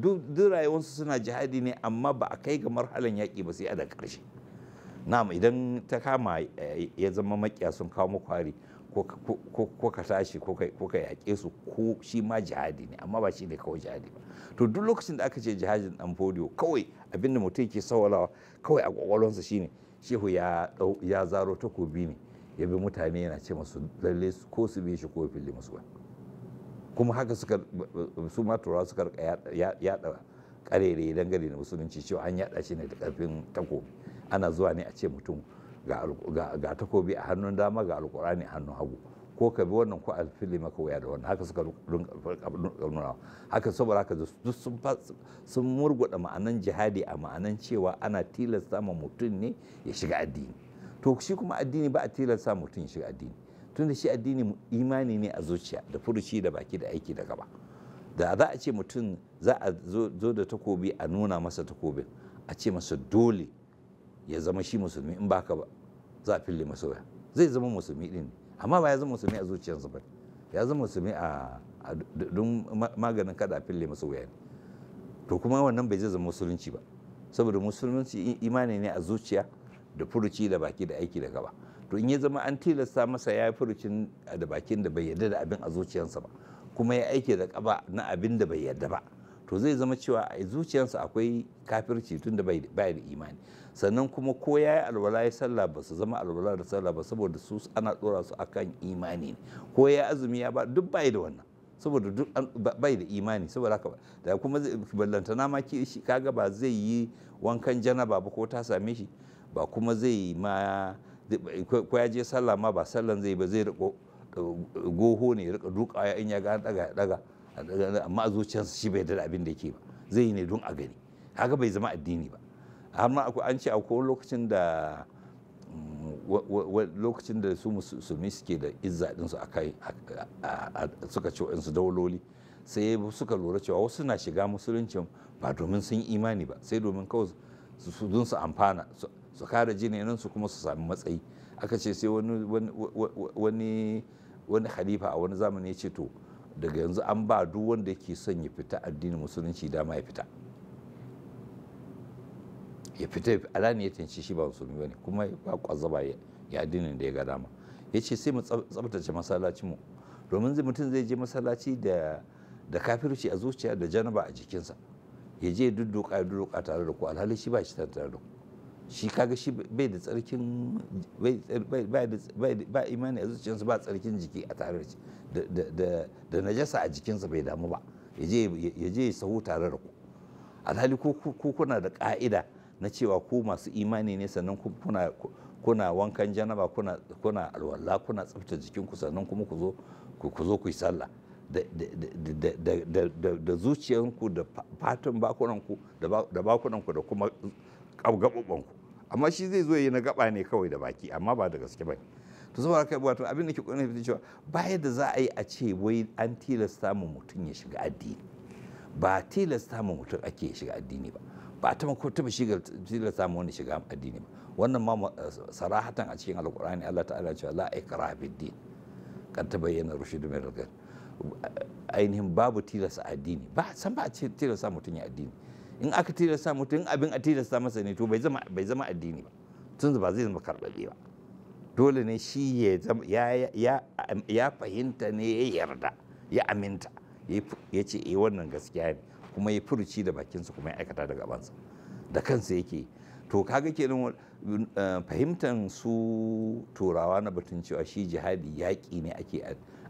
duk rayuwarsu suna jihadi ne amma ba a kai ga marhalan yaƙi ba sai a da ƙarshe na'am idan ta kama eh, ya zama makiya sun kawo muku hari ko ka tashi ko ka yaƙe su ko shi ma jihadi ne amma ba shi ne kawai jihadi ba to duk lokacin da aka ce jihadin dan fodiyo kawai abin da mutum ke sawalawa kawai a kwakwalwansa shine shehu ya ya zaro takobi ne ya bi mutane yana ce masu lalle ko su bi shi ko fili musu ba kuma haka suka su ma turawa suka yaɗa karere dangane da musulunci cewa an yaɗa shi ne da ƙarfin takobi ana zuwa ne a ce mutum ga takobi a hannun dama ga alkur'ani a hannun hagu ko ka bi wannan ko a maka waya da wannan haka suka nuna haka saboda haka duk sun murguɗa ma'anan jihadi a ma'anan cewa ana tilasta ma mutum ne ya shiga addini to shi kuma addini ba a tilasta mutum ya shiga addini Tun da shi addini imani ne a zuciya da furuci da baki da aiki da gaba da za a ce mutum za a zo da takobi a nuna masa takobin a ce masa dole ya zama shi musulmi in baka ba za a fille masa waya zai zama musulmi din amma ba ya zama musulmi a zuciyarsa ba ya zama musulmi a don maganin kada a fille masa waya to kuma wannan bai zai zama musulunci ba saboda musulunci imani ne a zuciya da furuci da baki da aiki da gaba to in ya zama an tilasta masa ya furucin da bakin da bai yarda da abin a zuciyarsa ba kuma ya aike da kaba na abin da bai yarda ba to zai zama cewa a zuciyarsa akwai kafirci tun da bai da imani sannan kuma ko ya yi alwala ya sallah ba su zama alwala da sallah ba saboda su ana dora su akan imani ko ya azumi ya ba duk bai da wannan saboda duk bai da imani saboda haka da kuma ballantana ma shi kaga ba zai yi wankan jana ba ko ta same shi ba kuma zai yi ma ko ya je sallah ma ba sallan zai ba zai riko eh, goho ne ya rika dukawa in ya ga daga daga amma a zuciyarsa shi bai da abin da yake ba zai yi ne don a gani haka bai zama addini ba har ma an ce akwai lokacin da mm, lokacin da su musulmi suke da izza su a kai suka ci wa'insu dauloli sai suka lura cewa wasu na shiga musuluncin ba domin sun imani ba sai domin kawai su dun amfana su kare jinin su kuma su sami matsayi aka ce sai wani wani wani halifa a wani zamani ya ce to daga yanzu an ba duk wanda yake son ya fita addinin musulunci dama ya fita ya fita alani ya tanci shi ba musulmi bane kuma ba kwazzaba ya addinin da ya ga dama ya ce sai mu tsabtace masallacin mu domin zai mutum zai je masallaci da da kafirci a zuciya da janaba a jikinsa ya je dudduka dudduka tare da ku alhali shi ba shi tare da ku shi kaga shi bai da tsarkin ba imani a zuciyarsa ba tsarkin jiki a tare da da najasa a jikinsa bai damu ba ya je ya sahu tare da ku alhali ko kuna da ka'ida na cewa ku masu imani ne sannan kuna kuna wankan janaba kuna alwallah alwala kuna tsafta jikinku sannan kuma ku zo ku zo ku yi sallah da zuciyanku da fatan bakunanku da bakunanku da kuma gaɓuɓanku amma shi zai zo ya yi na gaba ne kawai da baki amma ba da gaske ba to zuwa kai wato abin da ke ƙoƙarin fitin cewa ba yadda za a yi a ce wai an tilasta mu mutum ya shiga addini ba tilasta mu mutum ake shiga addini ba ba ta ko ba shiga tilasta mu wani shiga addini ba wannan ma eh, sarahatan a cikin alkur'ani Allah ta'ala cewa la ikraha fid kan ta bayyana rushidu min ainihin babu tilasta addini ba san ba a ce tilasta mutum ya addini in aka tilasta mutum abin a tilasta masa ne to bai zama bai zama addini ba tun ba zai zama karɓaɓe ba dole ne shi ya ya ya fahimta ne ya yarda ya aminta ya ce eh wannan gaskiya ne kuma ya furuci da bakinsa kuma ya aikata da gabansa da kansa yake to kaga kenan eh, fahimtar su turawa na batun cewa shi jihadi yaƙi ne ake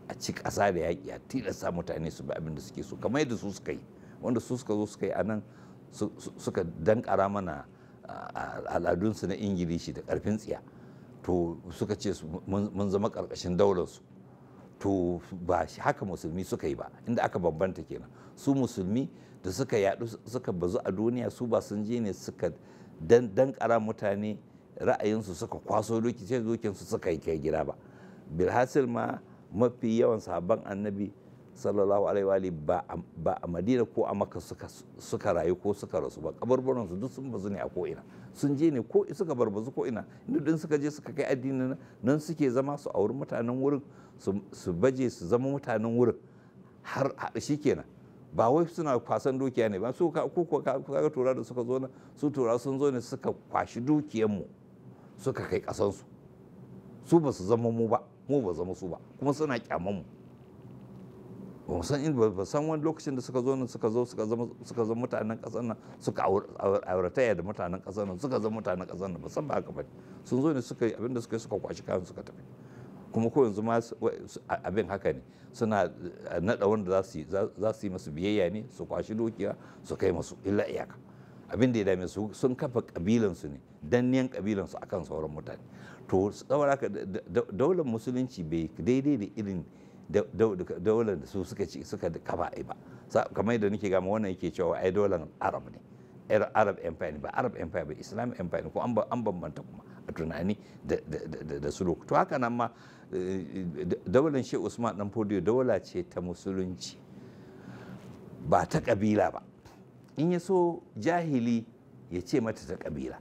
a ci ƙasa da yaƙi a tilasta mutane su bi abin da suke so kamar yadda su suka yi wanda su suka zo suka yi a nan suka dankara mana al'adunsu na ingilishi da karfin tsiya to suka ce mun zama karkashin daularsu to ba haka musulmi suka yi ba inda aka bambanta kenan su musulmi da suka yadu suka bazu a duniya su ba sun je ne suka dankara mutane ra'ayinsu suka kwaso doki sai su suka yi kai gida ba bilhassil ma mafi yawan sabon annabi sallallahu alaihi wa ba a madina ko a maka suka rayu ko suka rasu ba kabarbaran su duk sun bazu ne a ko ina sun je ne ko suka barbazu ko ina inda suka je suka kai addinin nan suke zama su auri mutanen wurin su baje su zama mutanen wurin har shikenan ba wai suna kwasan dukiya ne ba su ko ka tura da suka zo na su tura sun zo ne suka kwashi mu suka kai kasansu su ba su zama mu ba mu ba zama su ba kuma suna kyaman mu ba san in ba san wani lokacin da suka zo nan suka zo suka zama suka zama mutanen kasar nan suka aurataya da mutanen kasar nan suka zama mutanen kasar nan ba san ba haka ba sun zo ne suka yi abin da suka yi suka kwashi kayan suka tafi kuma ko yanzu ma abin haka ne suna naɗa wanda za su yi masu biyayya ne su kwashi dukiya su kai masu illa iyaka abin da ya dame su sun kafa ƙabilansu ne danniyan ƙabilansu akan sauran mutane to saboda haka daular musulunci bai daidai da irin daular da su suka ci suka kafa ba kamar yadda nake gama wannan yake cewa ai daular arab ne er, arab empire ne ba arab empire ba Islam empire ne ko an bambanta kuma a tunani da su to haka nan ma eh, daular shi usman dan fodiyo daula ce ta musulunci ba ta kabila ba in ya so jahili ya ce mata ta kabila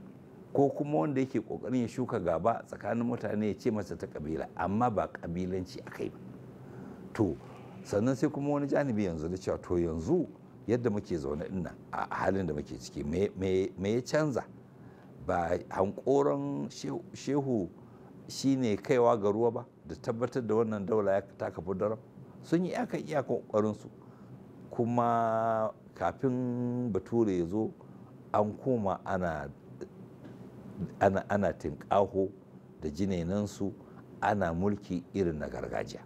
ko kuma wanda yake kokarin ya shuka gaba tsakanin mutane ya ce mata ta kabila amma ba kabilanci akai ba to sannan sai kuma wani janibi yanzu da cewa to yanzu yadda muke zaune dinnan a halin da muke ciki me ya canza ba hankoron shehu shine kaiwa ga ruwa ba da tabbatar da wannan daula ya ta kafu sun yi aka iyakan su kuma kafin bature ya zo an koma ana ana, tinƙaho da jinenansu ana mulki irin na gargajiya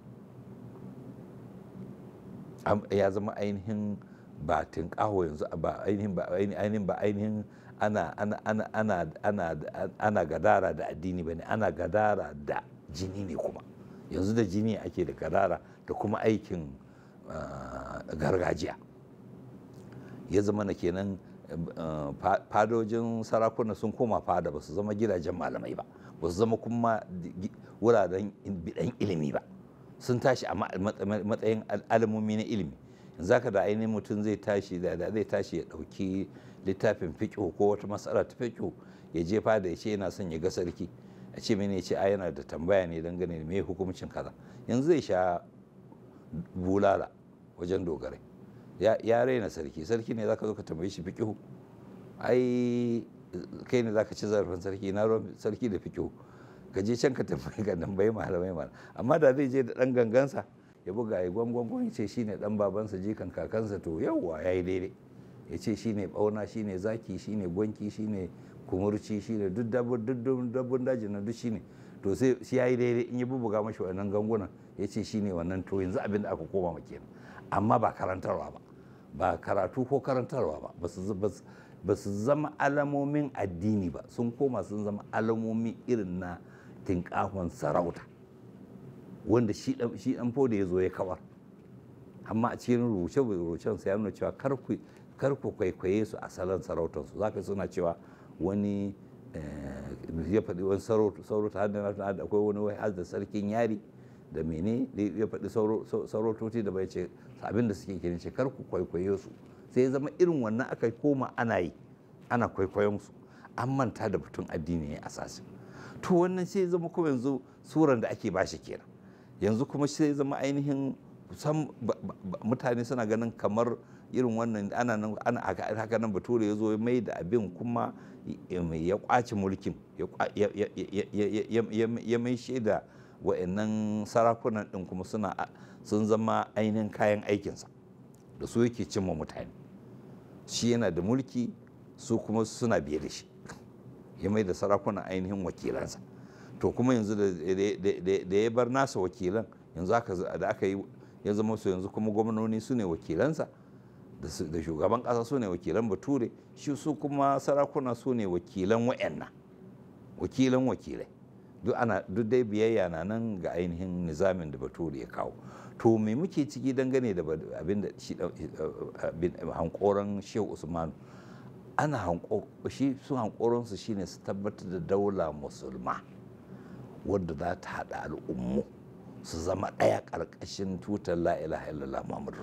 ya zama ainihin ba ƙaho, yanzu ba ainihin ba ainihin ba ainihin ana ana ana ana ana ana gadara da addini bane ana gadara da jini ne kuma yanzu da jini ake da gadara da kuma aikin ah, gargajiya ya zama na kenan ah, fadojin sarakuna sun koma fada ba su zama gidajen malamai ba ba su zama kuma wuraren bidan ilimi ba sun tashi a matsayin alamomi na ilimi za ka da ainihin mutum zai tashi da zai tashi ya ɗauki littafin fiƙo ko wata matsala ta fiƙo ya jefa da ya ce yana son ya ga sarki a ce mene ce a yana da tambaya ne dangane da me hukumcin kaza yanzu zai sha bulala wajen dogarai ya raina sarki sarki ne za ka zo ka tambaye shi fiƙo ai kai ne za ka ci zarafin sarki na ruwan sarki da fiƙo gaje can ka tambayi ka tambayi malamai malam amma da zai je da dan gangansa ya buga ya gwangwan ya ce shine dan babansa jikan kakansa to ya yayi daidai ya ce shine bauna shine zaki shine gwanki shine kumurci shine duk dabbun daji na duk shine to sai shi yayi daidai in ya bubuga mashi wannan gangunan ya ce shine wannan to yanzu abin da aka koma ma kenan amma ba karantarwa ba ba karatu ko karantarwa ba ba su zama alamomin addini ba sun koma sun zama alamomi irin na tinkahon sarauta wanda shi dan foda ya zo ya kawar amma a cikin rubuce rubucen sa ya nuna cewa kar ku kwaikwaye su a salon sarautar su zaka suna cewa wani eh, ya faɗi wani sarauta har da akwai wani wai sarkin yari da mene ya faɗi saurototi da bai ce abin da suke kiran kar ku kwaikwaye su sai ya zama irin wannan aka koma ana yi ana kwaikwayon su an manta da butun addini ne asasin to wannan sai zama kuma yanzu suran da ake bashi kenan yanzu kuma sai zama ainihin san mutane suna ganin kamar irin wannan ana nan ana haka nan bature ya zo ya mai da abin kuma ya kwace mulkin ya mai shaida wa'annan sarakunan din kuma suna sun zama ainihin kayan aikinsa da su yake cimma mutane shi yana da mulki su kuma suna biye da shi ya mai da sarakuna ainihin wakilansa to kuma yanzu da ya bar nasa wakilan yanzu da aka yi ya zama su yanzu kuma gwamnoni su ne wakilansa da shugaban ƙasa su ne wakilan bature shi su kuma sarakuna su ne wakilan wa'annan wakilan wakilai duk ana duk dai biyayya na nan ga ainihin nizamin da bature ya kawo to me muke ciki dangane da abin da shi eh, eh, hankoran shehu usman ana hanko shi su hankoronsu shine su tabbatar da daula musulma wadda za ta haɗa al'ummu su zama ɗaya ƙarƙashin tutar la'ila ilaha illallah muhammadu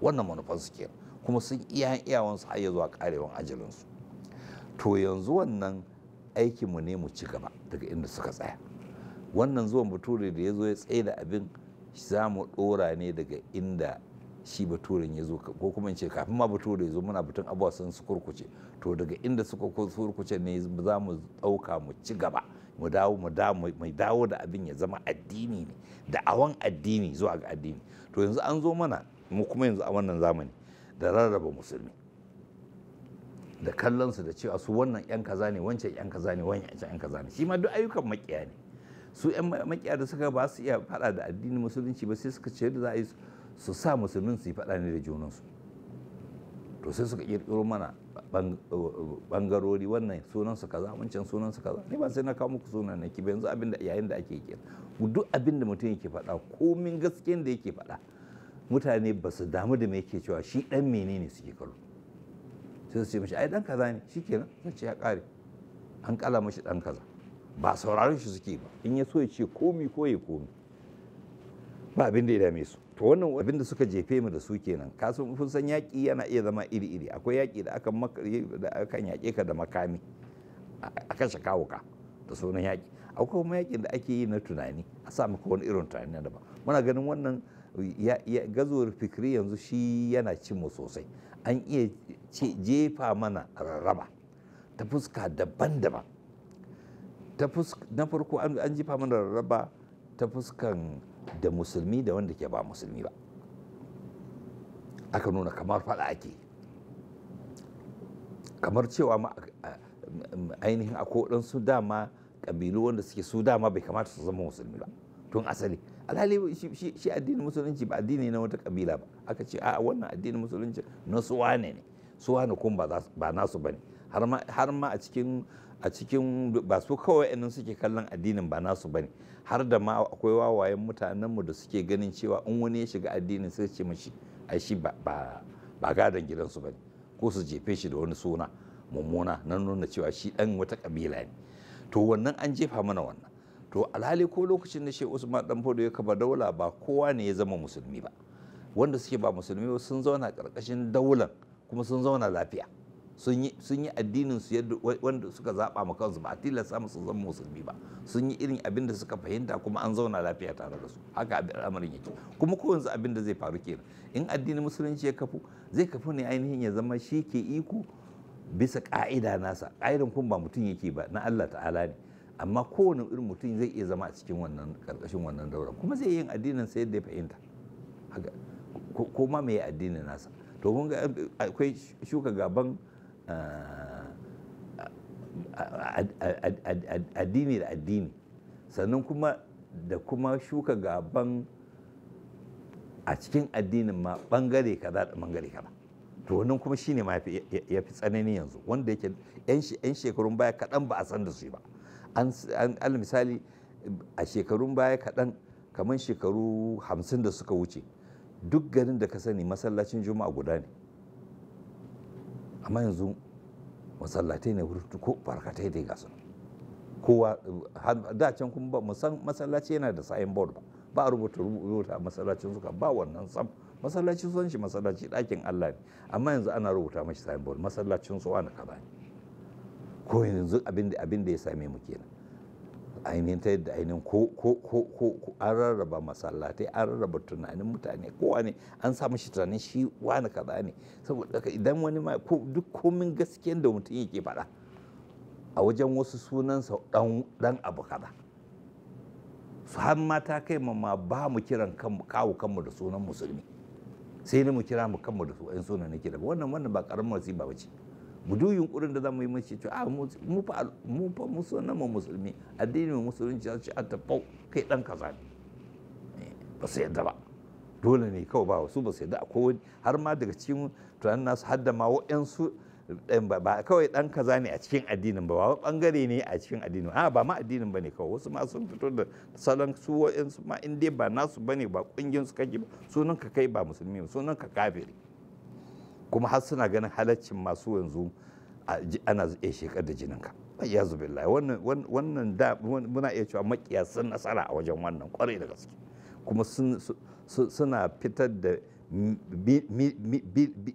wannan manufansu ke kuma sun iya iyawansu har zuwa ƙarewan ajalinsu to yanzu wannan aikinmu ne mu ci gaba daga inda suka tsaya wannan zuwan bature da ya zo ya tsaye da abin za mu ɗora ne daga inda shi baturen ya zo ko kuma in ce kafin ma bature ya zo muna batun abuwa sun su kurkuce to daga inda suka kurkuce ne za mu ɗauka mu ci gaba mu dawo mu mai dawo da abin ya zama addini ne da awan addini zuwa ga addini to yanzu an zo mana mu kuma yanzu a wannan zamani da rarraba musulmi da kallon su da cewa su wannan yan kaza ne wancan yan kaza ne wancan yan kaza ne shi ma duk ayyukan makiya ne su yan makiya da suka ba su iya fada da addinin musulunci ba sai suka ce da za a yi su sa musulmin su yi faɗa ne da junansu to sai suka ƙirƙiro mana bangarori wannan sunansu kaza wancan sunansu kaza ni ba sai na kawo muku sunan na ki yanzu abinda yayin da ake kira duk abinda mutum yake faɗa komin gaskiyan da yake faɗa mutane ba su damu da me yake cewa shi dan menene suke kallo sai su ce mishi ai dan kaza ne shi shikenan sai ce ya kare an kala mishi dan kaza ba sauraron shi suke ba in ya so ya ce komi ko ya komi ba abin ya dame su to wannan abin da suka jefe mu da su kenan kasu kun san yaƙi yana iya zama iri-iri akwai yaƙi da akan da akan yaƙe ka da makami a kashe ka da sunan yaƙi akwai kuma yaƙin da ake yi na tunani a sa maka wani irin tunani na daban muna ganin wannan gazuwar fikiri yanzu shi yana cin mu sosai an iya jefa mana rarraba ta fuska daban-daban na farko an jefa mana rarraba ta fuskan da musulmi da wanda ke ba musulmi ba aka nuna kamar fada ake kamar cewa ma eh, ainihin a su dama ƙabilu wanda suke su dama bai kamata su zama musulmi ba tun asali alhali shi addinin musulunci ba addini na wata kabila ba aka ce a wannan addinin musulunci na suwane ne suwane kuma ba nasu ba ne har ma a cikin a cikin ba su kawai nan suke kallon addinin ba nasu ba ne har da ma akwai wawayen mutanenmu da suke ganin cewa in wani ya shiga addinin sai ce mashi a shi ba gadon gidansu ba ne ko su jefe shi da wani suna mummuna na nuna cewa shi dan wata kabila ne to wannan an jefa mana wannan to alhali ko lokacin da shehu usman dan fodo ya kafa daula ba kowa ne ya zama musulmi ba wanda suke ba musulmi sun zauna karkashin daulan kuma sun zauna lafiya sun yi addinin su yadda wanda suka zaba ma kansu ba a tilasta musu zama musulmi ba sun yi irin abin da suka fahimta kuma an zauna lafiya tare da su haka al'amarin yake kuma ko yanzu abin da zai faru kenan in addinin musulunci ya kafu zai kafu ne ainihin ya zama shi ke iko bisa ka'ida nasa ka'idan kuma ba mutum yake ba na Allah ta'ala ne amma kowane irin mutum zai iya zama a cikin wannan karkashin wannan daura kuma zai yi addinin sa yadda ya fahimta ko ma mai addinin nasa to kun ga akwai shuka gaban addini da addini sannan kuma da kuma shuka gaban a cikin addinin ma bangare kaza da bangare kaza to wannan kuma shine ma ya fi tsanani yanzu wanda yake yan shekarun baya kaɗan ba a san da su ba an misali a shekarun baya kaɗan kamar shekaru hamsin da suka wuce duk garin da ka sani masallacin juma'a guda ne amma yanzu masallatai ne wurin ko barkatai dai ga sun kowa da can kuma ba musan masallaci yana da sign board ba a rubuta rubuta masallacin suka ba wannan sam masallaci sun shi masallaci dakin Allah ne amma yanzu ana rubuta mashi sign board masallacin su wani kaba ne ko yanzu abin da ya same mu kenan ainihin ta yadda ainihin ko ko ko an rarraba masallatai an rarraba tunanin mutane kowa ne an samu shi tunanin shi wani kaza ne saboda idan wani ma duk komin gaskiyan da mutum yake faɗa a wajen wasu sunansa dan abu kaza har ma ta kai ma ba mu kiran kawo kanmu da sunan musulmi sai ni mu kira mu kanmu da su sunan nake daga wannan wannan ba karamar masifa ba ce mu duk yunkurin da za mu yi mace to a ah, mu fa mu fa mu musulmi addinin musulunci za ci a tafau kai dan kaza ne eh, ba su yadda ba dole ne kawai ba su ba su yadda akwai har ma daga cikin tunanin nasu har da ma wa'ansu ba kawai dan kaza ne a cikin addinin ba ba bangare ne a cikin addinin a ba ma addinin bane kawai wasu ma sun fito da salon su wa'ansu ma in dai ba nasu bane ba kungiyar su kake ba sunan ka kai ba musulmi ba sunan ka kafiri kuma har suna ganin halaccin masu yanzu ana iya shekar da jininka ya zubillah wannan da muna iya cewa makiyasan nasara a wajen wannan kwarai da gaske kuma suna fitar da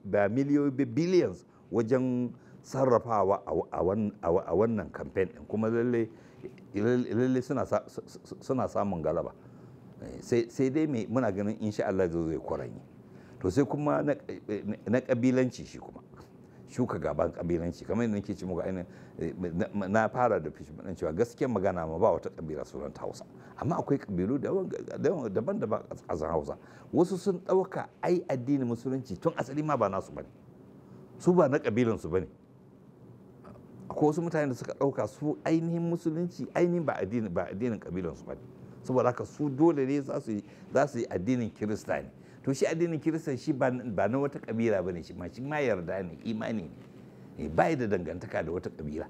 ba miliyoyi billions wajen sarrafawa a wannan kamfen din kuma lalle suna samun galaba eh, sai dai muna ganin insha Allah zai kwaranyi to sai kuma na kabilanci shi kuma shuka gaban kabilanci kamar yadda nake ci muku ainihin eh, na fara da fishi madan cewa gaskiyar magana ma ba wata kabila sunan ta Hausa amma akwai kabilu daban daban a zan Hausa wasu sun ɗauka ai addinin musulunci tun asali ma ba nasu bane su ba na kabilan su bane akwai wasu mutane da suka ɗauka su ainihin musulunci ainihin ba addinin ba addinin kabilan su bane saboda haka su dole ne za su yi addinin kirista ne to shi addinin kirista shi ba na wata kabila bane shi ma shi ma yarda ne imani ne eh, ba da dangantaka da wata kabila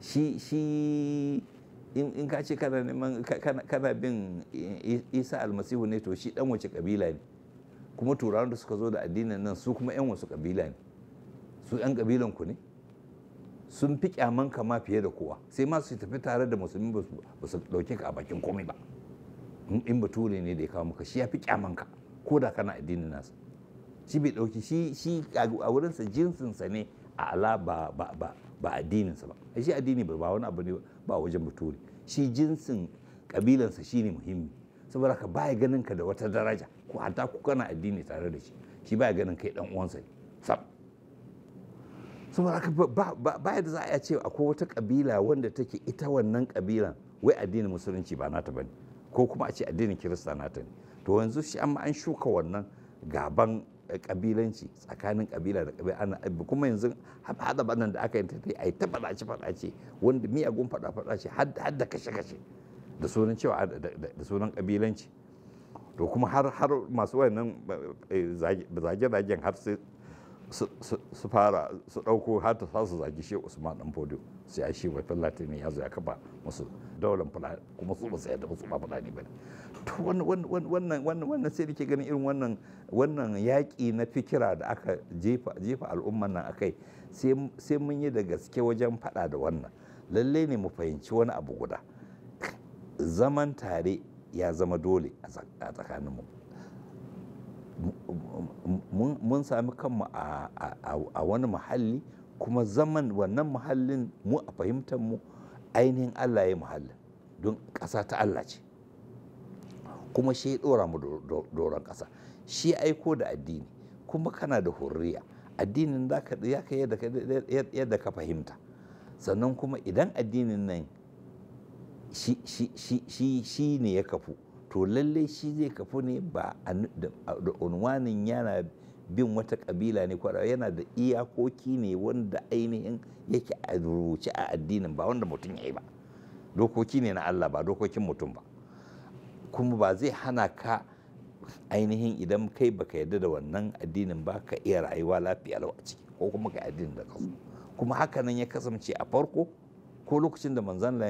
shi shi in ka ce kana neman kana bin isa almasihu ne to shi dan wace kabila ne kuma turawan da suka zo da addinin nan su kuma yan wasu kabila ne su yan kabilan ku ne sun fi kyaman kama fiye da kowa sai ma su tafi tare da musulmi ba su dauke ka a bakin komai ba in bature ne da ya kawo maka shi ya fi kyaman ka ko da kana addinin nasa shi bai ɗauki shi shi a wurinsa jinsinsa ne a ala ba ba ba ba addininsa ba shi addini ba Ba wani abu ne ba wajen bature shi jinsin kabilansa ne muhimmi saboda ka baya ganin ka da wata daraja ko hatta ku kana addini tare da shi shi baya ganin kai dan uwansa ne sab saboda ba da za a ce akwai wata kabila wanda take ita wannan kabilan wai addinin musulunci ba nata bane ko kuma a ce addinin kirista nata ne to yanzu shi amma an shuka wannan gaban kabilanci eh, tsakanin kabila da kabila ana eh, kuma yanzu hada banan da aka yi tafi a yi ta fadace faɗace wanda miyagun faɗa faɗace har da kashe kashe da sunan cewa da sunan kabilanci to kuma har masu wayannan eh, zage zagen har su fara su ɗauko har ta su zagi shi usman dan fodiyo sai a shi ba fulatani ya zo ya kafa musu daular fulani kuma su ba su yadda su ba fulani ba to wannan wannan sai nake ganin irin wannan yaƙi na fikira da aka jefa jefa al'umman nan akai sai mun yi da gaske wajen faɗa da wannan lallai ne mu fahimci wani abu guda zaman tare ya zama dole a tsakanin mu. mun sami kanmu a wani muhalli kuma zaman wannan muhallin mu a fahimtar mu ainihin Allah ya muhalli, don ƙasa ta Allah ce kuma shi ya ɗora mu doron ƙasa shi aiko da addini kuma kana da hurriya addinin za ka yadda ka fahimta sannan kuma idan addinin nan shi ne ya kafu to lallai shi zai kafu ne ba da unwanin yana bin wata kabila ne kwara yana da iyakoki ne wanda ainihin yake a rubuce a addinin ba wanda mutum ya yi ba dokoki ne na Allah ba dokokin mutum ba kuma ba zai hana ka ainihin idan kai baka yarda da wannan addinin ba ka iya rayuwa lafiya lau a ciki ko kuma ka addinin da kasu kuma haka ya kasance a farko ko lokacin da manzan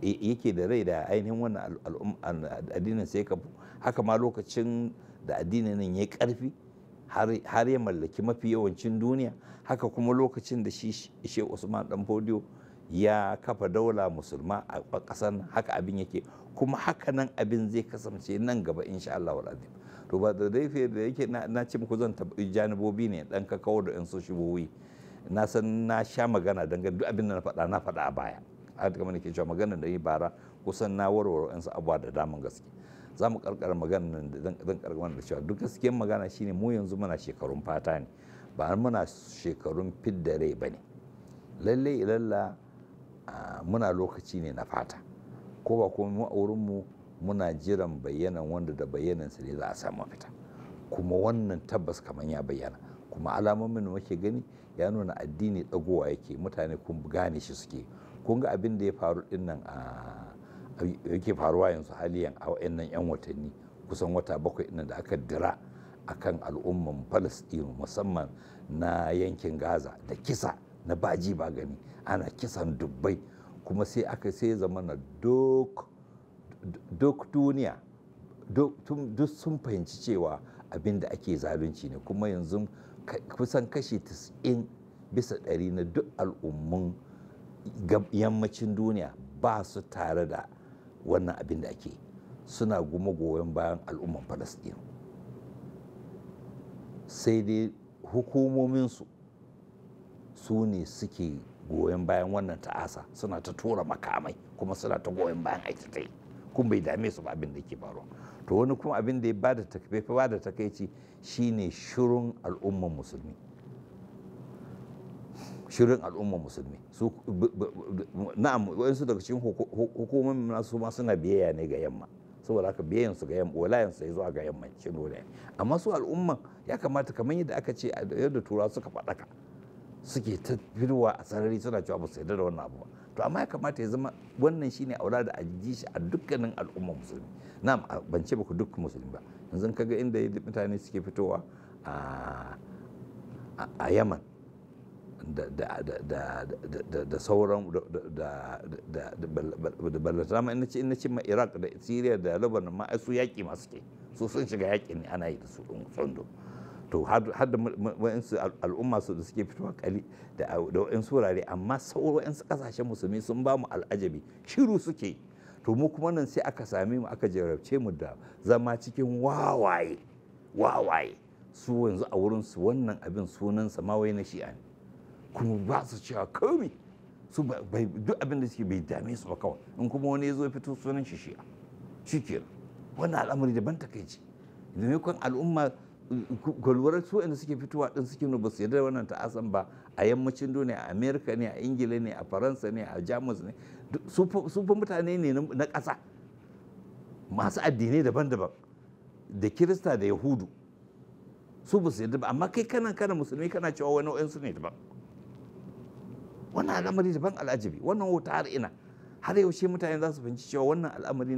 yake da rai da ainihin wannan addinin sai ka haka ma lokacin da addinin nan ya karfi har ya mallaki mafi yawancin duniya haka kuma lokacin da shi ishe usman dan fodiyo ya kafa daula musulma a ƙasar haka abin yake kuma haka nan abin zai kasance nan gaba insha Allah wal to ba da dai da yake na ce muku zan tabi janibobi ne dan ka kawo da shi buwi. na san na sha magana dangane duk abin da na faɗa na faɗa a baya a kamar nake cewa magana da yi bara kusan na warware yan abuwa da damun gaske za mu karkara magana nan da zan karkara da cewa duk gaskiyar magana shine mu yanzu muna shekarun fata ne ba muna shekarun fidda rai ba ne lalle ilalla muna lokaci ne na fata ko ba kuma mu a mu muna jiran bayyanan wanda da bayyanansa ne za a samu fita kuma wannan tabbas kaman ya bayyana kuma alamomin da muke gani ya nuna addini dagowa yake mutane kun gane shi suke kun ga abin da ya faru dinnan a yake faruwa yanzu haliyan a wayannan yan watanni kusan wata bakwai ɗin da aka dira a kan al'umman Falasɗinu musamman na yankin Gaza da kisa na baji ba gani ana kisan dubbai kuma sai aka sai zama na duk duniya duk sun fahimci cewa abin da ake zalunci ne kuma yanzu kusan kashi 90 bisa ɗari na duk al'ummun yammacin duniya ba su tare da wannan abin da ake suna goma goyon bayan al'umman falasɗinu sai dai hukumominsu su ne suke goyon bayan wannan ta'asa suna ta tura makamai kuma suna ta goyon bayan aikatai kuma bai dame su ba abin da ke faruwa to wani kuma abin da ya ba bada takaici shine shirun al'umman musulmi shirin al'ummar musulmi su na'am wayansu daga cikin hukumomin nasu ma suna biyayya ne ga yamma saboda haka biyayyan su ga yamma walayen su zuwa ga yamma shi ne amma su al'umman ya kamata kamar yadda aka ce yadda tura suka faɗaka suke ta firwa a sarari suna cewa ba su yarda da wannan abu ba to amma ya kamata ya zama wannan shine aura da ji shi a dukkanin al'ummar musulmi na'am ban ce ku duk musulmi ba yanzu kaga inda mutane suke fitowa a yaman da sauran da ballata ma ina ce ina ce ma iraq da syria da lebanon ma su yaƙi masu ke su sun shiga yaƙi ne ana yi da su tsondo to har da wa'insu al'umma su da suke fitowa kali da wa'insu wurare amma sauran wa'insu kasashen musulmi sun ba mu al'ajabi shiru suke to mu kuma nan sai aka same mu aka jarabce mu da zama cikin wawaye wawaye su yanzu a wurin su wannan abin sunansa ma wai na shi'a ne kuma ba su cewa komi su duk abin da suke bai dame su ba kawai in kuma wani ya zo fito sunan shi shi'a shi kenan wannan al'amari daban ta kai ce kan al'umma gwalwarar su inda suke fitowa din suke nuna ba su yarda wannan ta'asan ba a yammacin duniya a amerika ne a ingila ne a faransa ne a jamus ne su fa mutane ne na ƙasa masu addinai daban-daban da kirista da yahudu su ba su yarda ba amma kai kana kana musulmi kana cewa wani su ne daban wannan al'amari daban al'ajabi wannan wuta har ina har yaushe mutane za su fahimci cewa wannan al'amari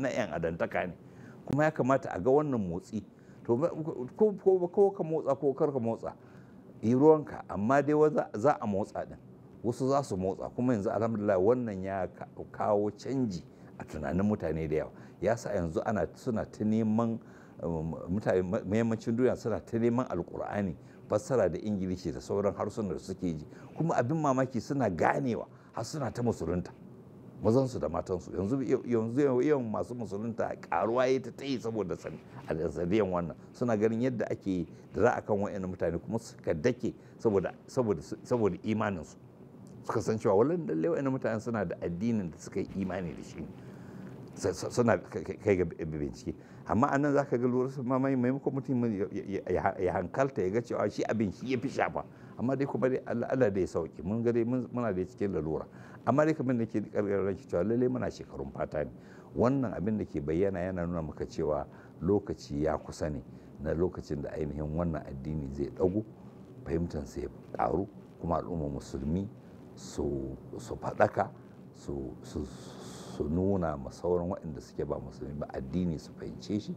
na yan adantaka ne kuma ya kamata a ga wannan motsi to ko ka motsa ko kar ka motsa yi ruwanka amma dai za a motsa din wasu za su motsa kuma yanzu alhamdulillah wannan ya kawo canji a tunanin mutane da yawa ya sa yanzu ana suna ta neman um, mutane mayammacin duniya suna ta neman alkur'ani fassara da ingilishi da sauran harsunan da suke ji kuma abin mamaki suna ganewa har suna ta musulunta mazansu da matansu yanzu yanzu yawan masu musulunta karuwa ya ta tayi saboda sanadiyan wannan suna ganin yadda ake yi da za a kan wa'in mutane kuma suka dake saboda imaninsu suka san cewa wallan dalle wa'in mutane suna da addinin da suka yi imani da shi suna kai ga bincike amma a nan za ka ga lurarsa ma mai maimakon mutum ya hankalta ya ga cewa shi abin shi ya fi shafa amma dai kuma dai Allah da ya sauki mun ga dai muna da cikin lalura amma dai kamar da ke karkar ranki cewa lalle muna shekarun fata ne wannan abin da ke bayyana yana nuna maka cewa lokaci ya kusa ne na lokacin da ainihin wannan addini zai dago fahimtansa ya karu kuma al'ummar musulmi su faɗaka su su nuna ma sauran waɗanda suke ba musulmi ba addini su fahimce shi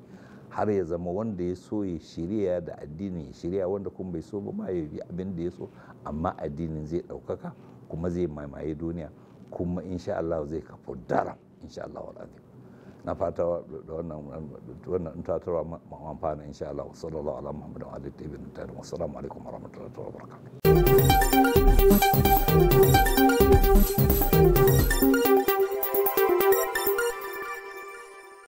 har ya zama wanda ya so ya shirya da addini ya shirya wanda kuma bai so ba ma ya yi abin da ya so amma addinin zai ɗaukaka kuma zai mamaye duniya kuma insha Allah zai kafu daram insha Allah wal na fata da wannan wannan tatarwa amfana insha Allah sallallahu alaihi wa sallam Muhammadu alaihi wa assalamu alaikum wa wabarakatuh